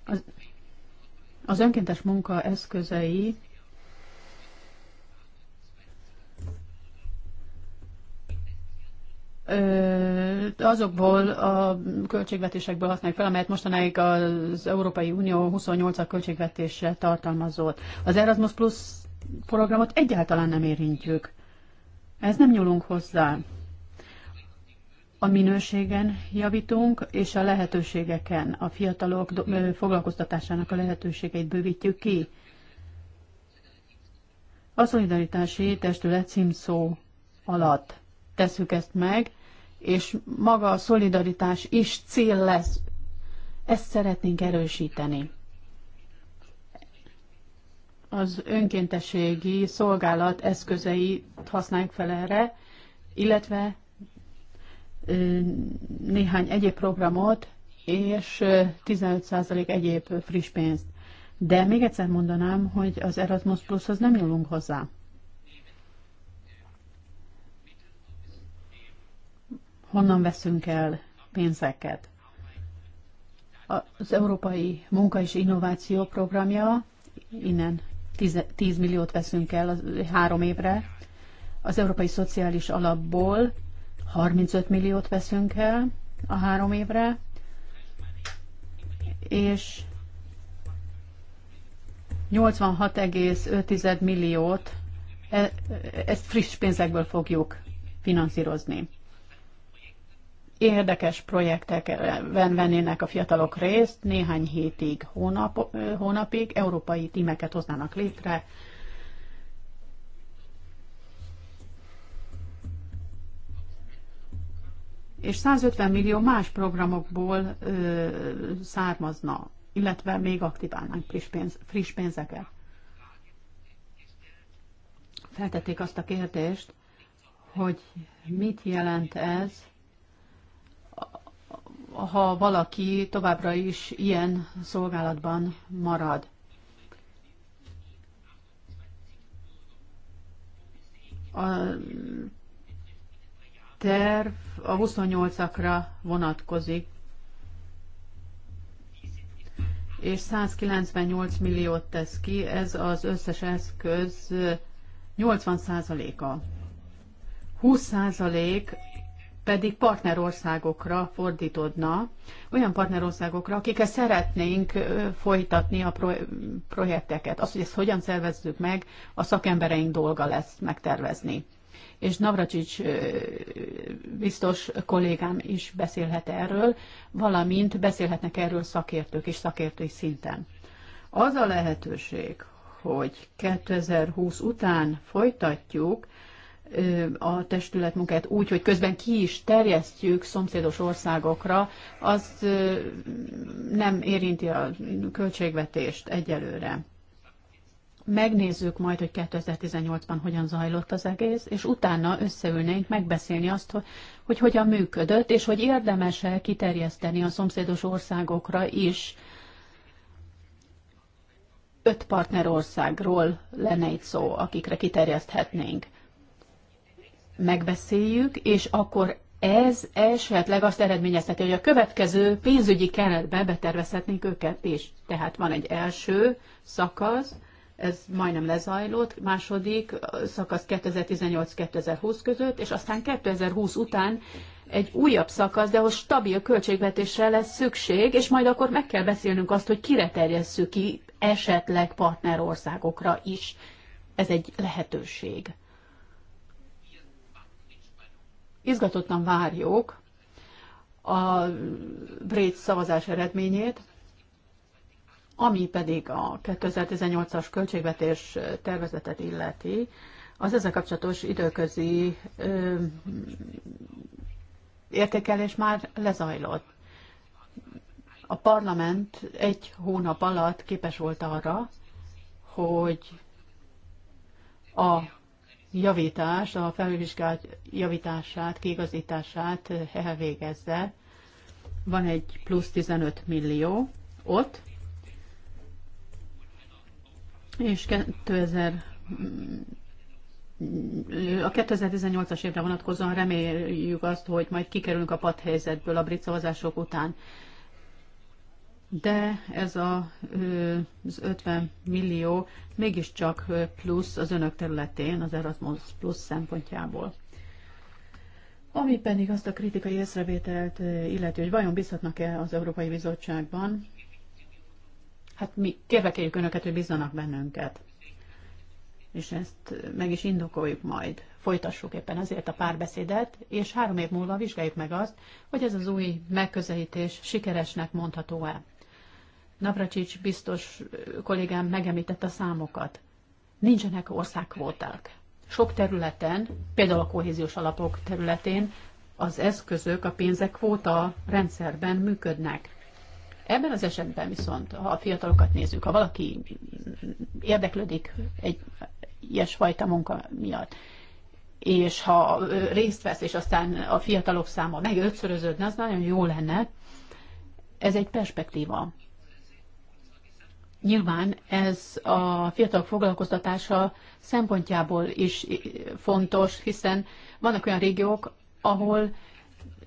Az, az önkéntes munka eszközei ö, azokból a költségvetésekből használjuk fel, amelyet mostanáig az Európai Unió 28-a költségvetésre tartalmazott. Az Erasmus Plus programot egyáltalán nem érintjük. Ez nem nyúlunk hozzá. A minőségen javítunk, és a lehetőségeken, a fiatalok foglalkoztatásának a lehetőségeit bővítjük ki. A szolidaritási testület címszó alatt tesszük ezt meg, és maga a szolidaritás is cél lesz. Ezt szeretnénk erősíteni. Az önkéntességi szolgálat eszközeit használjuk fel erre, illetve néhány egyéb programot, és 15% egyéb friss pénzt. De még egyszer mondanám, hogy az Erasmus Plushoz nem nyúlunk hozzá. honnan veszünk el pénzeket. Az Európai Munka és Innováció Programja, innen 10 milliót veszünk el három évre, az Európai Szociális Alapból 35 milliót veszünk el a három évre, és 86,5 milliót, e, e, ezt friss pénzekből fogjuk finanszírozni érdekes projektekben vennének a fiatalok részt, néhány hétig, hónap, hónapig, európai tímeket hoznának létre. És 150 millió más programokból ö, származna, illetve még aktiválnánk friss, pénz, friss pénzeket. Feltették azt a kérdést, hogy mit jelent ez ha valaki továbbra is ilyen szolgálatban marad. A terv a 28-akra vonatkozik, és 198 milliót tesz ki, ez az összes eszköz 80 százaléka. 20% pedig partnerországokra fordítódna, olyan partnerországokra, akikkel szeretnénk folytatni a projekteket. Azt, hogy ezt hogyan szervezzük meg, a szakembereink dolga lesz megtervezni. És Navracsics biztos kollégám is beszélhet erről, valamint beszélhetnek erről szakértők és szakértői szinten. Az a lehetőség, hogy 2020 után folytatjuk a testület munkát úgy, hogy közben ki is terjesztjük szomszédos országokra, az nem érinti a költségvetést egyelőre. Megnézzük majd, hogy 2018-ban hogyan zajlott az egész, és utána összeülnénk megbeszélni azt, hogy, hogy hogyan működött, és hogy érdemes-e kiterjeszteni a szomszédos országokra is. Öt partnerországról lenne itt szó, akikre kiterjeszthetnénk megbeszéljük, és akkor ez esetleg azt eredményezheti, hogy a következő pénzügyi keretbe betervezhetnénk őket is. Tehát van egy első szakasz, ez majdnem lezajlott, második szakasz 2018-2020 között, és aztán 2020 után egy újabb szakasz, de hogy stabil költségvetésre lesz szükség, és majd akkor meg kell beszélnünk azt, hogy kire terjesszük ki, esetleg partnerországokra is. Ez egy lehetőség izgatottan várjuk a brit szavazás eredményét, ami pedig a 2018-as költségvetés tervezetet illeti, az ezzel kapcsolatos időközi ö, értékelés már lezajlott. A parlament egy hónap alatt képes volt arra, hogy a javítás, a felülvizsgálat javítását, kiigazítását elvégezze. Eh, eh, Van egy plusz 15 millió ott, és 2000 mm, a 2018-as évre vonatkozóan reméljük azt, hogy majd kikerülünk a padhelyzetből a brit szavazások után de ez a, az 50 millió mégiscsak plusz az önök területén, az Erasmus plusz szempontjából. Ami pedig azt a kritikai észrevételt illeti, hogy vajon bízhatnak-e az Európai Bizottságban, hát mi kérvekeljük önöket, hogy bízzanak bennünket. És ezt meg is indokoljuk majd. Folytassuk éppen azért a párbeszédet, és három év múlva vizsgáljuk meg azt, hogy ez az új megközelítés sikeresnek mondható-e. Navracsics biztos kollégám megemlítette a számokat. Nincsenek országkvóták. Sok területen, például a kohéziós alapok területén az eszközök, a pénzek kvóta rendszerben működnek. Ebben az esetben viszont, ha a fiatalokat nézzük, ha valaki érdeklődik egy ilyesfajta munka miatt, és ha részt vesz, és aztán a fiatalok száma meg ötszöröződne, az nagyon jó lenne. Ez egy perspektíva. Nyilván ez a fiatal foglalkoztatása szempontjából is fontos, hiszen vannak olyan régiók, ahol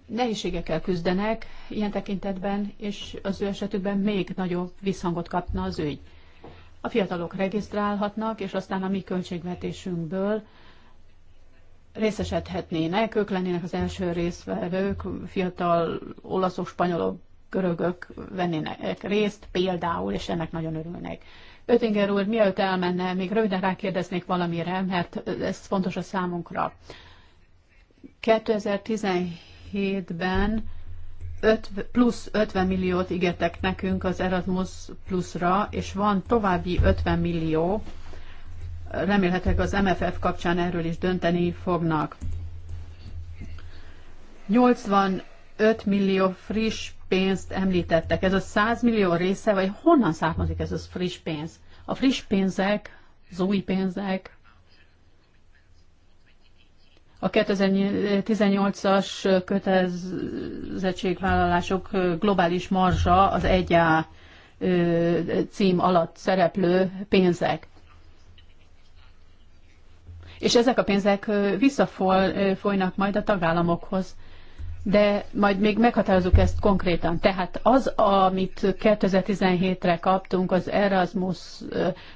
nehézségekkel küzdenek ilyen tekintetben, és az ő esetükben még nagyobb visszhangot kapna az ügy. A fiatalok regisztrálhatnak, és aztán a mi költségvetésünkből részesedhetnének, ők lennének az első részvevők, fiatal olaszok, spanyolok, görögök vennének részt például, és ennek nagyon örülnek. Ötinger úr, mielőtt elmenne, még röviden rákérdeznék valamire, mert ez fontos a számunkra. 2017-ben plusz 50 milliót igetek nekünk az Erasmus pluszra, és van további 50 millió, remélhetek az MFF kapcsán erről is dönteni fognak. 85 millió friss pénzt említettek. Ez a 100 millió része, vagy honnan származik ez a friss pénz? A friss pénzek, az új pénzek, a 2018-as kötelezettségvállalások globális marzsa az 1A cím alatt szereplő pénzek. És ezek a pénzek visszafolynak majd a tagállamokhoz de majd még meghatározunk ezt konkrétan. Tehát az, amit 2017-re kaptunk az Erasmus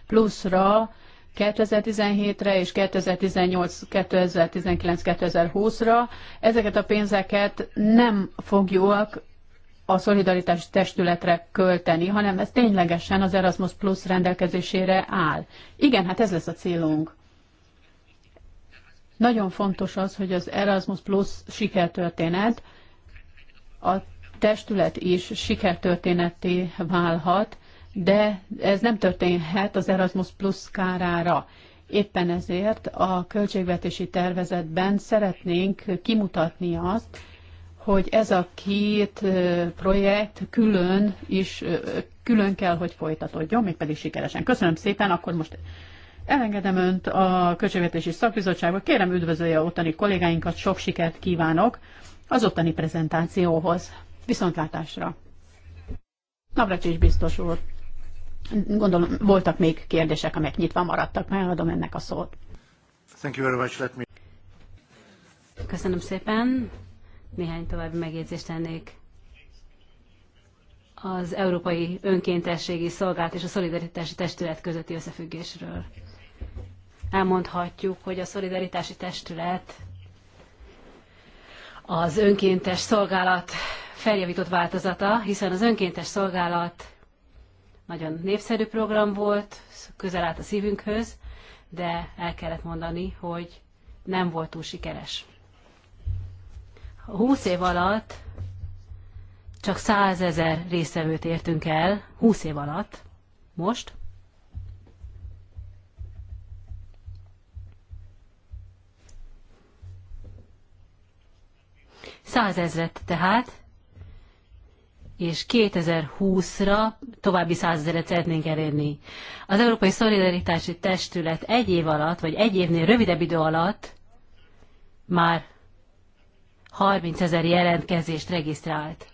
Plus-ra, 2017-re és 2018, 2019, 2020-ra. Ezeket a pénzeket nem fogjuk a szolidaritási testületre költeni, hanem ez ténylegesen az Erasmus Plus rendelkezésére áll. Igen, hát ez lesz a célunk. Nagyon fontos az, hogy az Erasmus Plus sikertörténet a testület is sikertörténetté válhat, de ez nem történhet az Erasmus Plus kárára. Éppen ezért a költségvetési tervezetben szeretnénk kimutatni azt, hogy ez a két projekt külön is külön kell, hogy folytatódjon, mégpedig sikeresen. Köszönöm szépen, akkor most Elengedem Önt a Költségvetési Szakbizottságba, kérem üdvözölje ottani kollégáinkat, sok sikert kívánok az ottani prezentációhoz. Viszontlátásra! Navracsics biztos úr, gondolom voltak még kérdések, amelyek nyitva maradtak, megadom ennek a szót. Thank you very much. Let me... Köszönöm szépen. Néhány további megjegyzést tennék az Európai Önkéntességi Szolgált és a Szolidaritási Testület közötti összefüggésről elmondhatjuk, hogy a szolidaritási testület az önkéntes szolgálat feljavított változata, hiszen az önkéntes szolgálat nagyon népszerű program volt, közel állt a szívünkhöz, de el kellett mondani, hogy nem volt túl sikeres. Húsz év alatt csak százezer résztvevőt értünk el, húsz év alatt, most, százezret tehát, és 2020-ra további százezeret szeretnénk elérni. Az Európai Szolidaritási Testület egy év alatt, vagy egy évnél rövidebb idő alatt már 30 ezer jelentkezést regisztrált.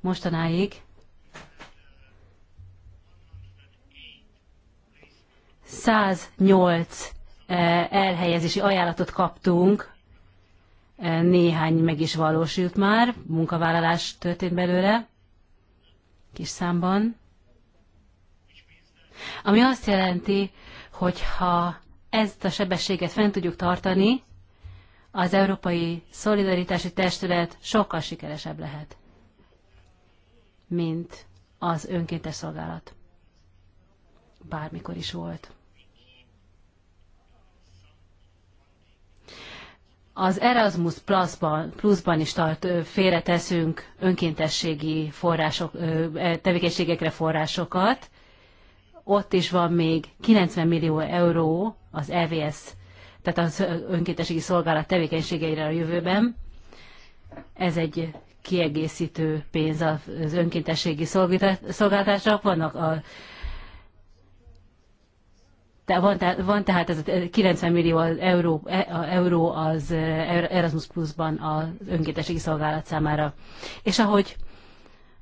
Mostanáig 108 eh, elhelyezési ajánlatot kaptunk néhány meg is valósult már, munkavállalás történt belőle, kis számban. Ami azt jelenti, hogy ha ezt a sebességet fent tudjuk tartani, az Európai Szolidaritási Testület sokkal sikeresebb lehet, mint az önkéntes szolgálat. Bármikor is volt. az Erasmus Plus-ban, Plus-ban is tart, félreteszünk önkéntességi források, e, tevékenységekre forrásokat. Ott is van még 90 millió euró az EVS, tehát az önkéntességi szolgálat tevékenységeire a jövőben. Ez egy kiegészítő pénz az önkéntességi szolgáltatásra. Vannak a te, van, tehát, van tehát ez a 90 millió euró, e, euró az Erasmus Plus-ban az önkéntességi szolgálat számára. És ahogy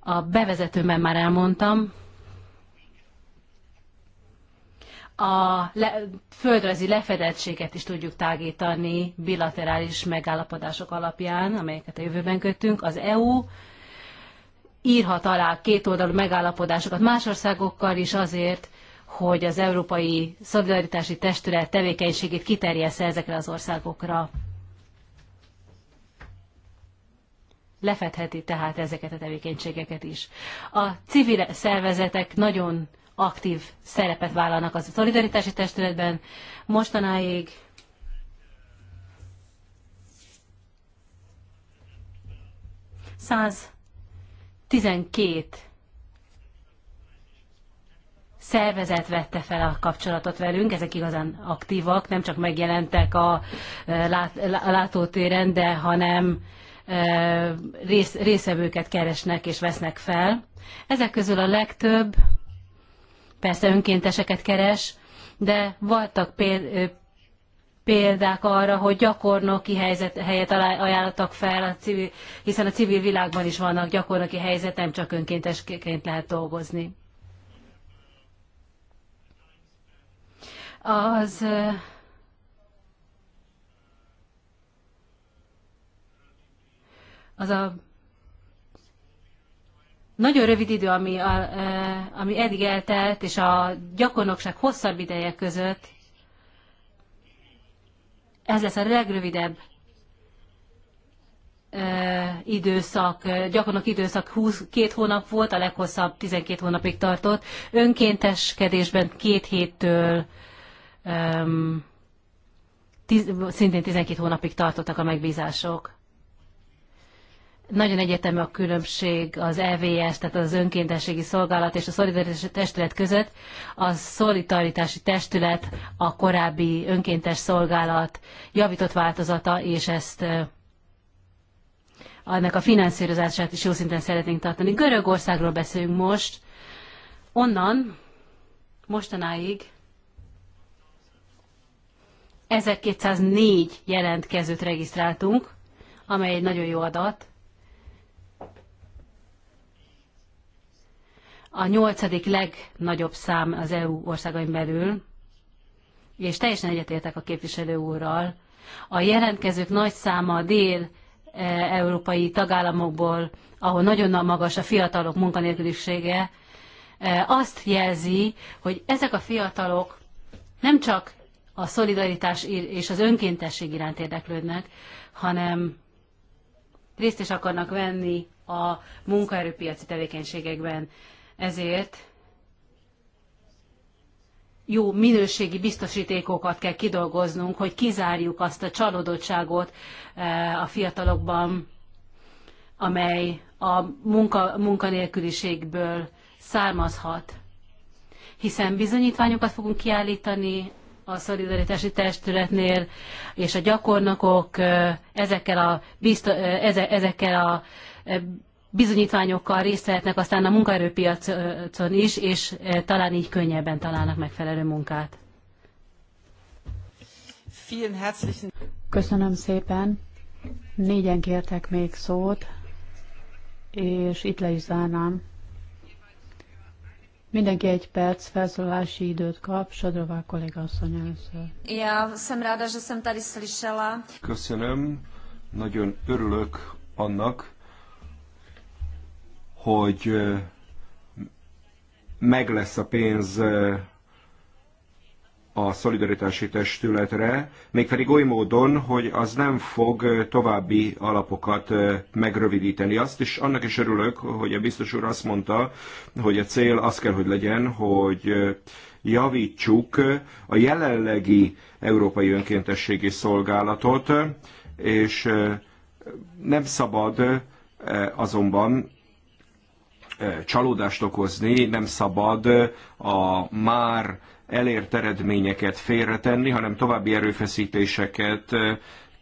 a bevezetőben már elmondtam, a le, földrajzi lefedettséget is tudjuk tágítani bilaterális megállapodások alapján, amelyeket a jövőben kötünk. Az EU írhat alá kétoldalú megállapodásokat más országokkal is azért, hogy az Európai Szolidaritási Testület tevékenységét kiterjessze ezekre az országokra. Lefedheti tehát ezeket a tevékenységeket is. A civil szervezetek nagyon aktív szerepet vállalnak az a szolidaritási testületben. Mostanáig száz szervezet vette fel a kapcsolatot velünk, ezek igazán aktívak, nem csak megjelentek a, látótéren, de hanem rész, részevőket keresnek és vesznek fel. Ezek közül a legtöbb persze önkénteseket keres, de voltak példák arra, hogy gyakornoki helyzet, helyet ajánlottak fel, a civil, hiszen a civil világban is vannak gyakornoki helyzet, nem csak önkéntesként lehet dolgozni. az az a nagyon rövid idő, ami, a, ami eddig eltelt, és a gyakornokság hosszabb ideje között, ez lesz a legrövidebb időszak, gyakornok időszak 20, két hónap volt, a leghosszabb 12 hónapig tartott. Önkénteskedésben két héttől um, tiz, szintén 12 hónapig tartottak a megbízások. Nagyon egyetemű a különbség az EVS, tehát az önkéntességi szolgálat és a szolidaritási testület között. A szolidaritási testület a korábbi önkéntes szolgálat javított változata, és ezt ennek a finanszírozását is jó szinten szeretnénk tartani. Görögországról beszélünk most. Onnan mostanáig 1204 jelentkezőt regisztráltunk, amely egy nagyon jó adat. A nyolcadik legnagyobb szám az EU országain belül, és teljesen egyetértek a képviselő úrral. A jelentkezők nagy száma a dél-európai e, tagállamokból, ahol nagyon magas a fiatalok munkanélkülisége, e, azt jelzi, hogy ezek a fiatalok nem csak a szolidaritás és az önkéntesség iránt érdeklődnek, hanem részt is akarnak venni a munkaerőpiaci tevékenységekben. Ezért jó minőségi biztosítékokat kell kidolgoznunk, hogy kizárjuk azt a csalódottságot eh, a fiatalokban, amely a munka, munkanélküliségből származhat. Hiszen bizonyítványokat fogunk kiállítani a szolidaritási testületnél, és a gyakornokok ezekkel a, bizto, ezekkel a bizonyítványokkal részt vehetnek aztán a munkaerőpiacon is, és talán így könnyebben találnak megfelelő munkát. Köszönöm szépen. Négyen kértek még szót, és itt le is zárnám. Mindenki egy perc felszólási időt kap, Sadrová kolléga asszony először. Ja, szem ráda, že sem tady slyšela. Köszönöm, nagyon örülök annak, hogy eh, meg lesz a pénz eh, a szolidaritási testületre, mégpedig oly módon, hogy az nem fog további alapokat megrövidíteni. Azt is, annak is örülök, hogy a biztos úr azt mondta, hogy a cél az kell, hogy legyen, hogy javítsuk a jelenlegi Európai Önkéntességi Szolgálatot, és nem szabad azonban csalódást okozni, nem szabad a már elért eredményeket félretenni, hanem további erőfeszítéseket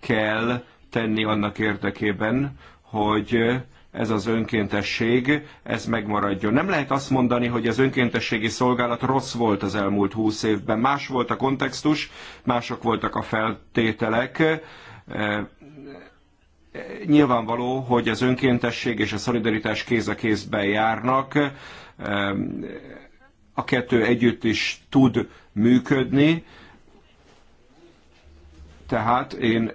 kell tenni annak érdekében, hogy ez az önkéntesség, ez megmaradjon. Nem lehet azt mondani, hogy az önkéntességi szolgálat rossz volt az elmúlt húsz évben. Más volt a kontextus, mások voltak a feltételek. Nyilvánvaló, hogy az önkéntesség és a szolidaritás kéz a kézben járnak a kettő együtt is tud működni. Tehát én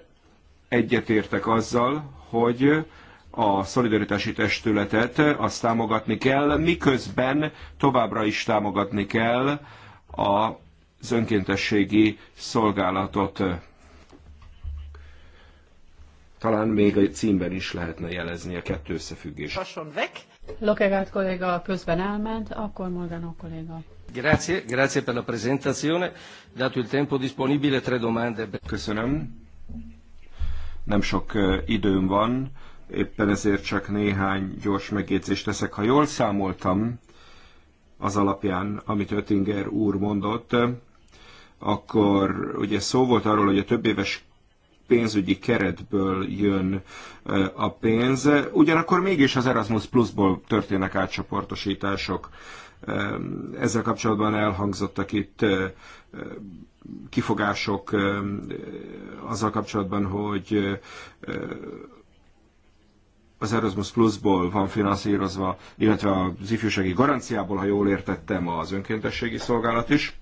egyetértek azzal, hogy a szolidaritási testületet azt támogatni kell, miközben továbbra is támogatni kell az önkéntességi szolgálatot. Talán még a címben is lehetne jelezni a kettő összefüggést. Lokegát kolléga közben elment, akkor Morgano kolléga. Grazie, grazie per la presentazione. Dato il tempo disponibile, tre domande. Köszönöm. Nem sok időm van, éppen ezért csak néhány gyors megjegyzést teszek. Ha jól számoltam, az alapján, amit Öttinger úr mondott, akkor ugye szó volt arról, hogy a több éves pénzügyi keretből jön a pénz, ugyanakkor mégis az Erasmus Plusból történnek átcsoportosítások. Ezzel kapcsolatban elhangzottak itt kifogások azzal kapcsolatban, hogy az Erasmus Plusból van finanszírozva, illetve az ifjúsági garanciából, ha jól értettem, az önkéntességi szolgálat is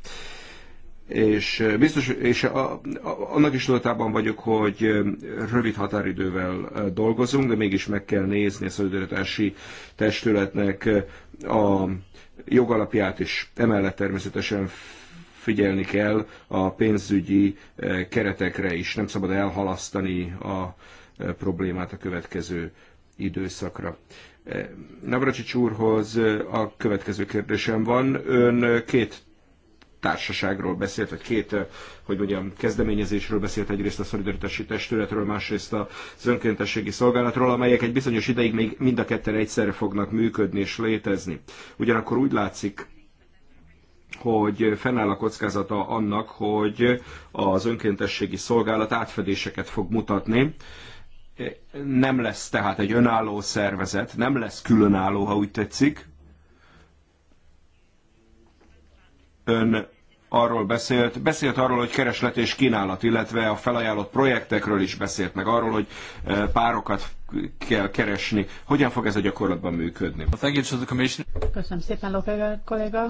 és biztos, és a, a, annak is tudatában vagyok, hogy rövid határidővel dolgozunk, de mégis meg kell nézni a szolidaritási testületnek a jogalapját is. Emellett természetesen figyelni kell a pénzügyi keretekre is. Nem szabad elhalasztani a problémát a következő időszakra. Navracsics úrhoz a következő kérdésem van. Ön két társaságról beszélt, vagy két, hogy mondjam, kezdeményezésről beszélt egyrészt a szolidaritási testületről, másrészt az önkéntességi szolgálatról, amelyek egy bizonyos ideig még mind a ketten egyszerre fognak működni és létezni. Ugyanakkor úgy látszik, hogy fennáll a kockázata annak, hogy az önkéntességi szolgálat átfedéseket fog mutatni, nem lesz tehát egy önálló szervezet, nem lesz különálló, ha úgy tetszik, ön arról beszélt, beszélt arról, hogy kereslet és kínálat, illetve a felajánlott projektekről is beszélt meg, arról, hogy e, párokat kell keresni. Hogyan fog ez a gyakorlatban működni? Köszönöm szépen, Lopega kolléga.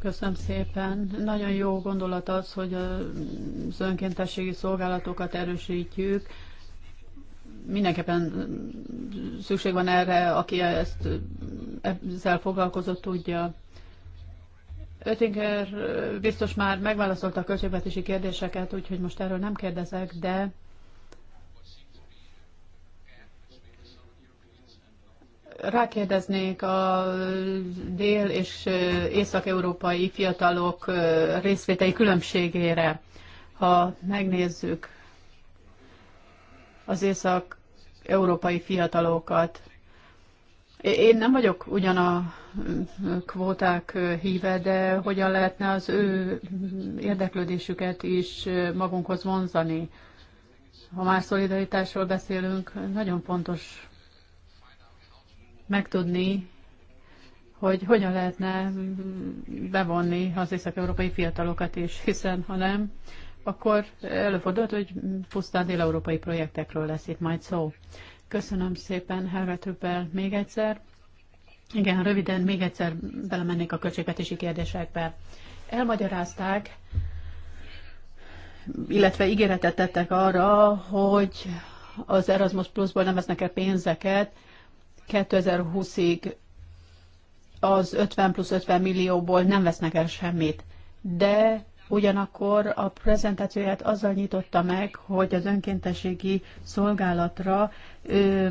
Köszönöm szépen. Nagyon jó gondolat az, hogy az önkéntességi szolgálatokat erősítjük, mindenképpen mm, szükség van erre, aki ezt, mm, ezzel foglalkozott, tudja. Ötinger mm, biztos már megválaszolta a költségvetési kérdéseket, úgyhogy most erről nem kérdezek, de rákérdeznék a dél- és észak-európai fiatalok részvételi különbségére. Ha megnézzük az észak európai fiatalokat. Én nem vagyok ugyan a kvóták híve, de hogyan lehetne az ő érdeklődésüket is magunkhoz vonzani. Ha már szolidaritásról beszélünk, nagyon fontos megtudni, hogy hogyan lehetne bevonni az észak-európai fiatalokat is, hiszen ha nem, akkor előfordult, hogy pusztán dél-európai projektekről lesz itt majd szó. Köszönöm szépen Helvetőbbel még egyszer. Igen, röviden még egyszer belemennék a költségvetési kérdésekbe. Elmagyarázták, illetve ígéretet tettek arra, hogy az Erasmus Plus-ból nem vesznek el pénzeket 2020-ig az 50 plusz 50 millióból nem vesznek el semmit. De Ugyanakkor a prezentációját azzal nyitotta meg, hogy az önkéntességi szolgálatra ö,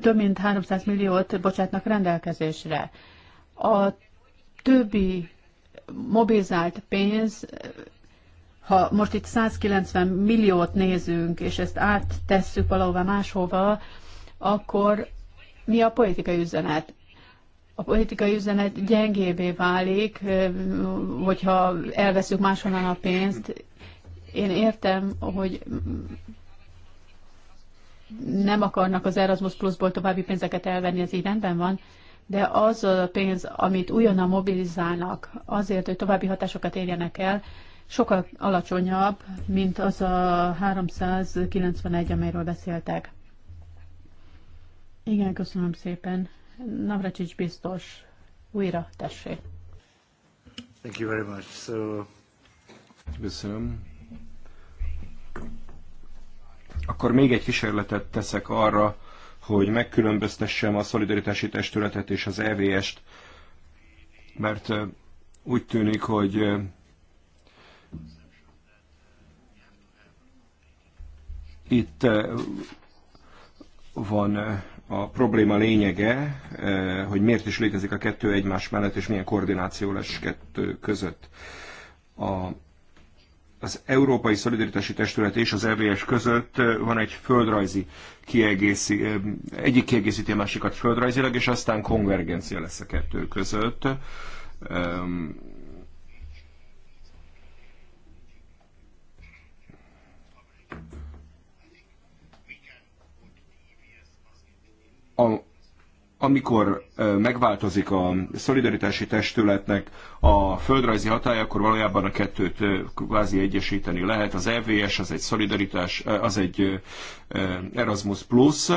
több mint 300 milliót bocsátnak rendelkezésre. A többi mobilizált pénz, ha most itt 190 milliót nézünk, és ezt áttesszük valahova máshova, akkor mi a politikai üzenet? a politikai üzenet gyengébbé válik, hogyha elveszük máshonnan a pénzt. Én értem, hogy nem akarnak az Erasmus Plus-ból további pénzeket elvenni, ez így rendben van, de az a pénz, amit újonnan mobilizálnak azért, hogy további hatásokat érjenek el, sokkal alacsonyabb, mint az a 391, amelyről beszéltek. Igen, köszönöm szépen. Navracsics biztos, újra tessé. Thank you very much. So... Köszönöm. Akkor még egy kísérletet teszek arra, hogy megkülönböztessem a szolidaritási testületet és az EVS-t, mert úgy tűnik, hogy itt van a probléma lényege, eh, hogy miért is létezik a kettő egymás mellett, és milyen koordináció lesz kettő között. A, az Európai Szolidaritási Testület és az RVS között eh, van egy földrajzi kiegészi, eh, egyik kiegészíti a másikat földrajzilag, és aztán konvergencia lesz a kettő között a, amikor megváltozik a szolidaritási testületnek a földrajzi hatája, akkor valójában a kettőt kvázi egyesíteni lehet. Az EVS az egy szolidaritás, az egy Erasmus Plus,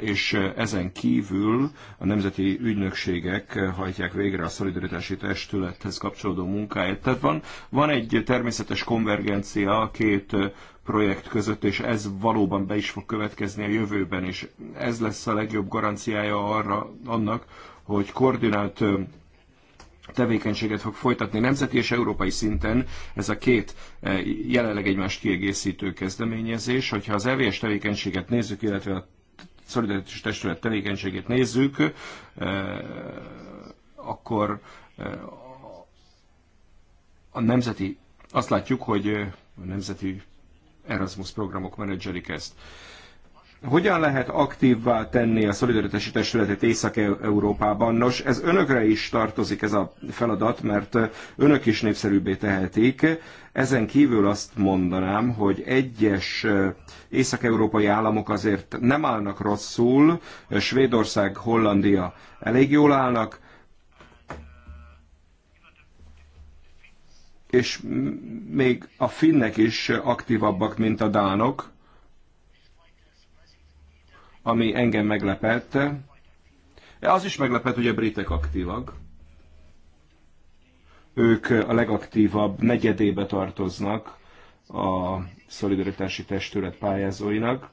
és ezen kívül a nemzeti ügynökségek hajtják végre a szolidaritási testülethez kapcsolódó munkáját. Tehát van, van egy természetes konvergencia a két projekt között, és ez valóban be is fog következni a jövőben, és ez lesz a legjobb garanciája arra, annak, hogy koordinált tevékenységet fog folytatni nemzeti és európai szinten. Ez a két jelenleg egymást kiegészítő kezdeményezés. Hogyha az EVS tevékenységet nézzük, illetve a szolidaritás testület tevékenységét nézzük, akkor a nemzeti, azt látjuk, hogy a nemzeti Erasmus programok menedzselik ezt. Hogyan lehet aktívvá tenni a szolidaritási testületet Észak-Európában? Nos, ez önökre is tartozik ez a feladat, mert önök is népszerűbbé tehetik. Ezen kívül azt mondanám, hogy egyes eh, észak-európai államok azért nem állnak rosszul, Svédország, Hollandia elég jól állnak, és még a finnek is aktívabbak, mint a dánok, ami engem meglepett. Az is meglepett, hogy a britek aktívak. Ők a legaktívabb negyedébe tartoznak a szolidaritási testület pályázóinak.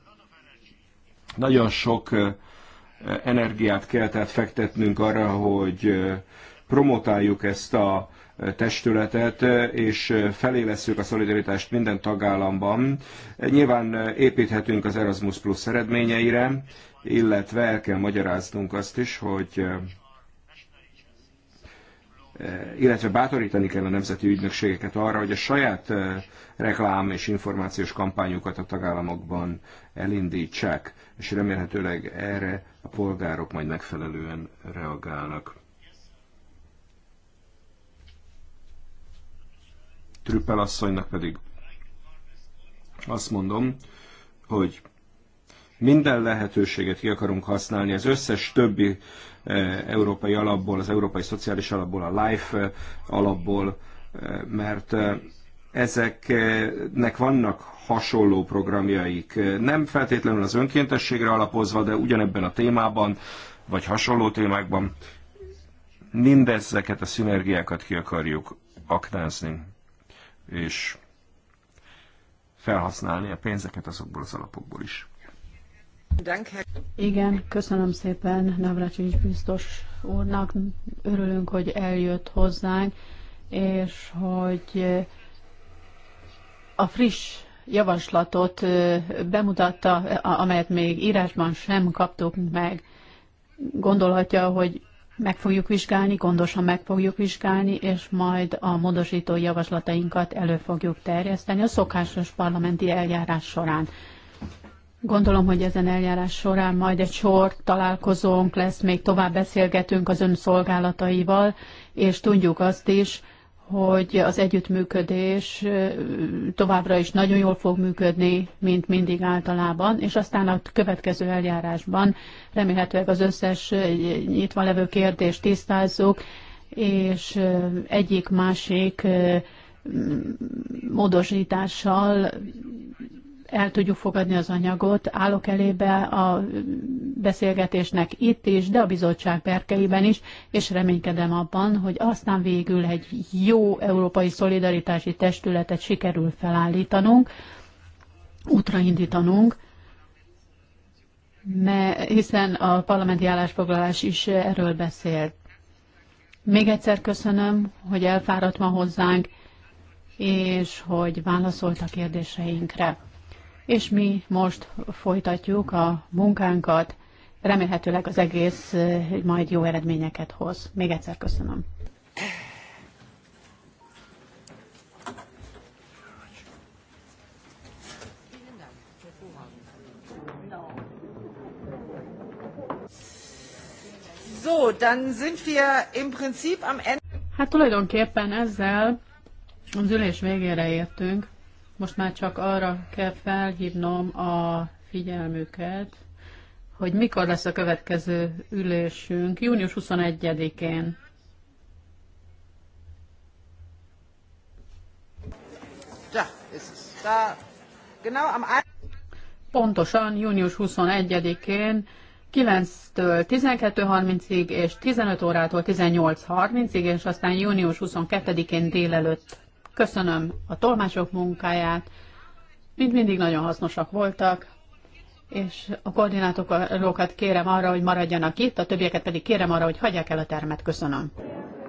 Nagyon sok energiát kell tehát fektetnünk arra, hogy promotáljuk ezt a testületet, és felélesszük a szolidaritást minden tagállamban. Nyilván építhetünk az Erasmus Plus eredményeire, illetve el kell magyaráznunk azt is, hogy illetve bátorítani kell a nemzeti ügynökségeket arra, hogy a saját eh, reklám és információs kampányukat a tagállamokban elindítsák, és remélhetőleg erre a polgárok majd megfelelően reagálnak. Trüppel asszonynak pedig azt mondom, hogy minden lehetőséget ki akarunk használni, az összes többi eh, európai alapból, az európai szociális alapból, a LIFE eh, alapból, eh, mert ezeknek vannak hasonló programjaik, nem feltétlenül az önkéntességre alapozva, de ugyanebben a témában, vagy hasonló témákban, mindezeket a szinergiákat ki akarjuk aknázni és felhasználni a pénzeket azokból az alapokból is. Igen, köszönöm szépen Navracsics biztos úrnak. Örülünk, hogy eljött hozzánk, és hogy a friss javaslatot bemutatta, amelyet még írásban sem kaptuk meg. Gondolhatja, hogy meg fogjuk vizsgálni, gondosan meg fogjuk vizsgálni, és majd a módosító javaslatainkat elő fogjuk terjeszteni a szokásos parlamenti eljárás során. Gondolom, hogy ezen eljárás során majd egy sor találkozónk lesz, még tovább beszélgetünk az ön szolgálataival, és tudjuk azt is, hogy az együttműködés továbbra is nagyon jól fog működni, mint mindig általában, és aztán a következő eljárásban remélhetőleg az összes nyitva levő kérdést tisztázzuk, és egyik-másik módosítással el tudjuk fogadni az anyagot, állok elébe a beszélgetésnek itt is, de a bizottság perkeiben is, és reménykedem abban, hogy aztán végül egy jó európai szolidaritási testületet sikerül felállítanunk, útra indítanunk, hiszen a parlamenti állásfoglalás is erről beszélt. Még egyszer köszönöm, hogy elfáradt ma hozzánk, és hogy válaszolt a kérdéseinkre és mi most folytatjuk a munkánkat. Remélhetőleg az egész eh, majd jó eredményeket hoz. Még egyszer köszönöm. So, dann sind wir im Prinzip am Ende. Hát tulajdonképpen ezzel az ülés végére értünk. Most már csak arra kell felhívnom a figyelmüket, hogy mikor lesz a következő ülésünk. Június 21-én. Pontosan június 21-én 9-től 12.30-ig és 15 órától 18.30-ig, és aztán június 22-én délelőtt Köszönöm a tolmácsok munkáját, mint mindig nagyon hasznosak voltak, és a koordinátorokat kérem arra, hogy maradjanak itt, a többieket pedig kérem arra, hogy hagyják el a termet. Köszönöm.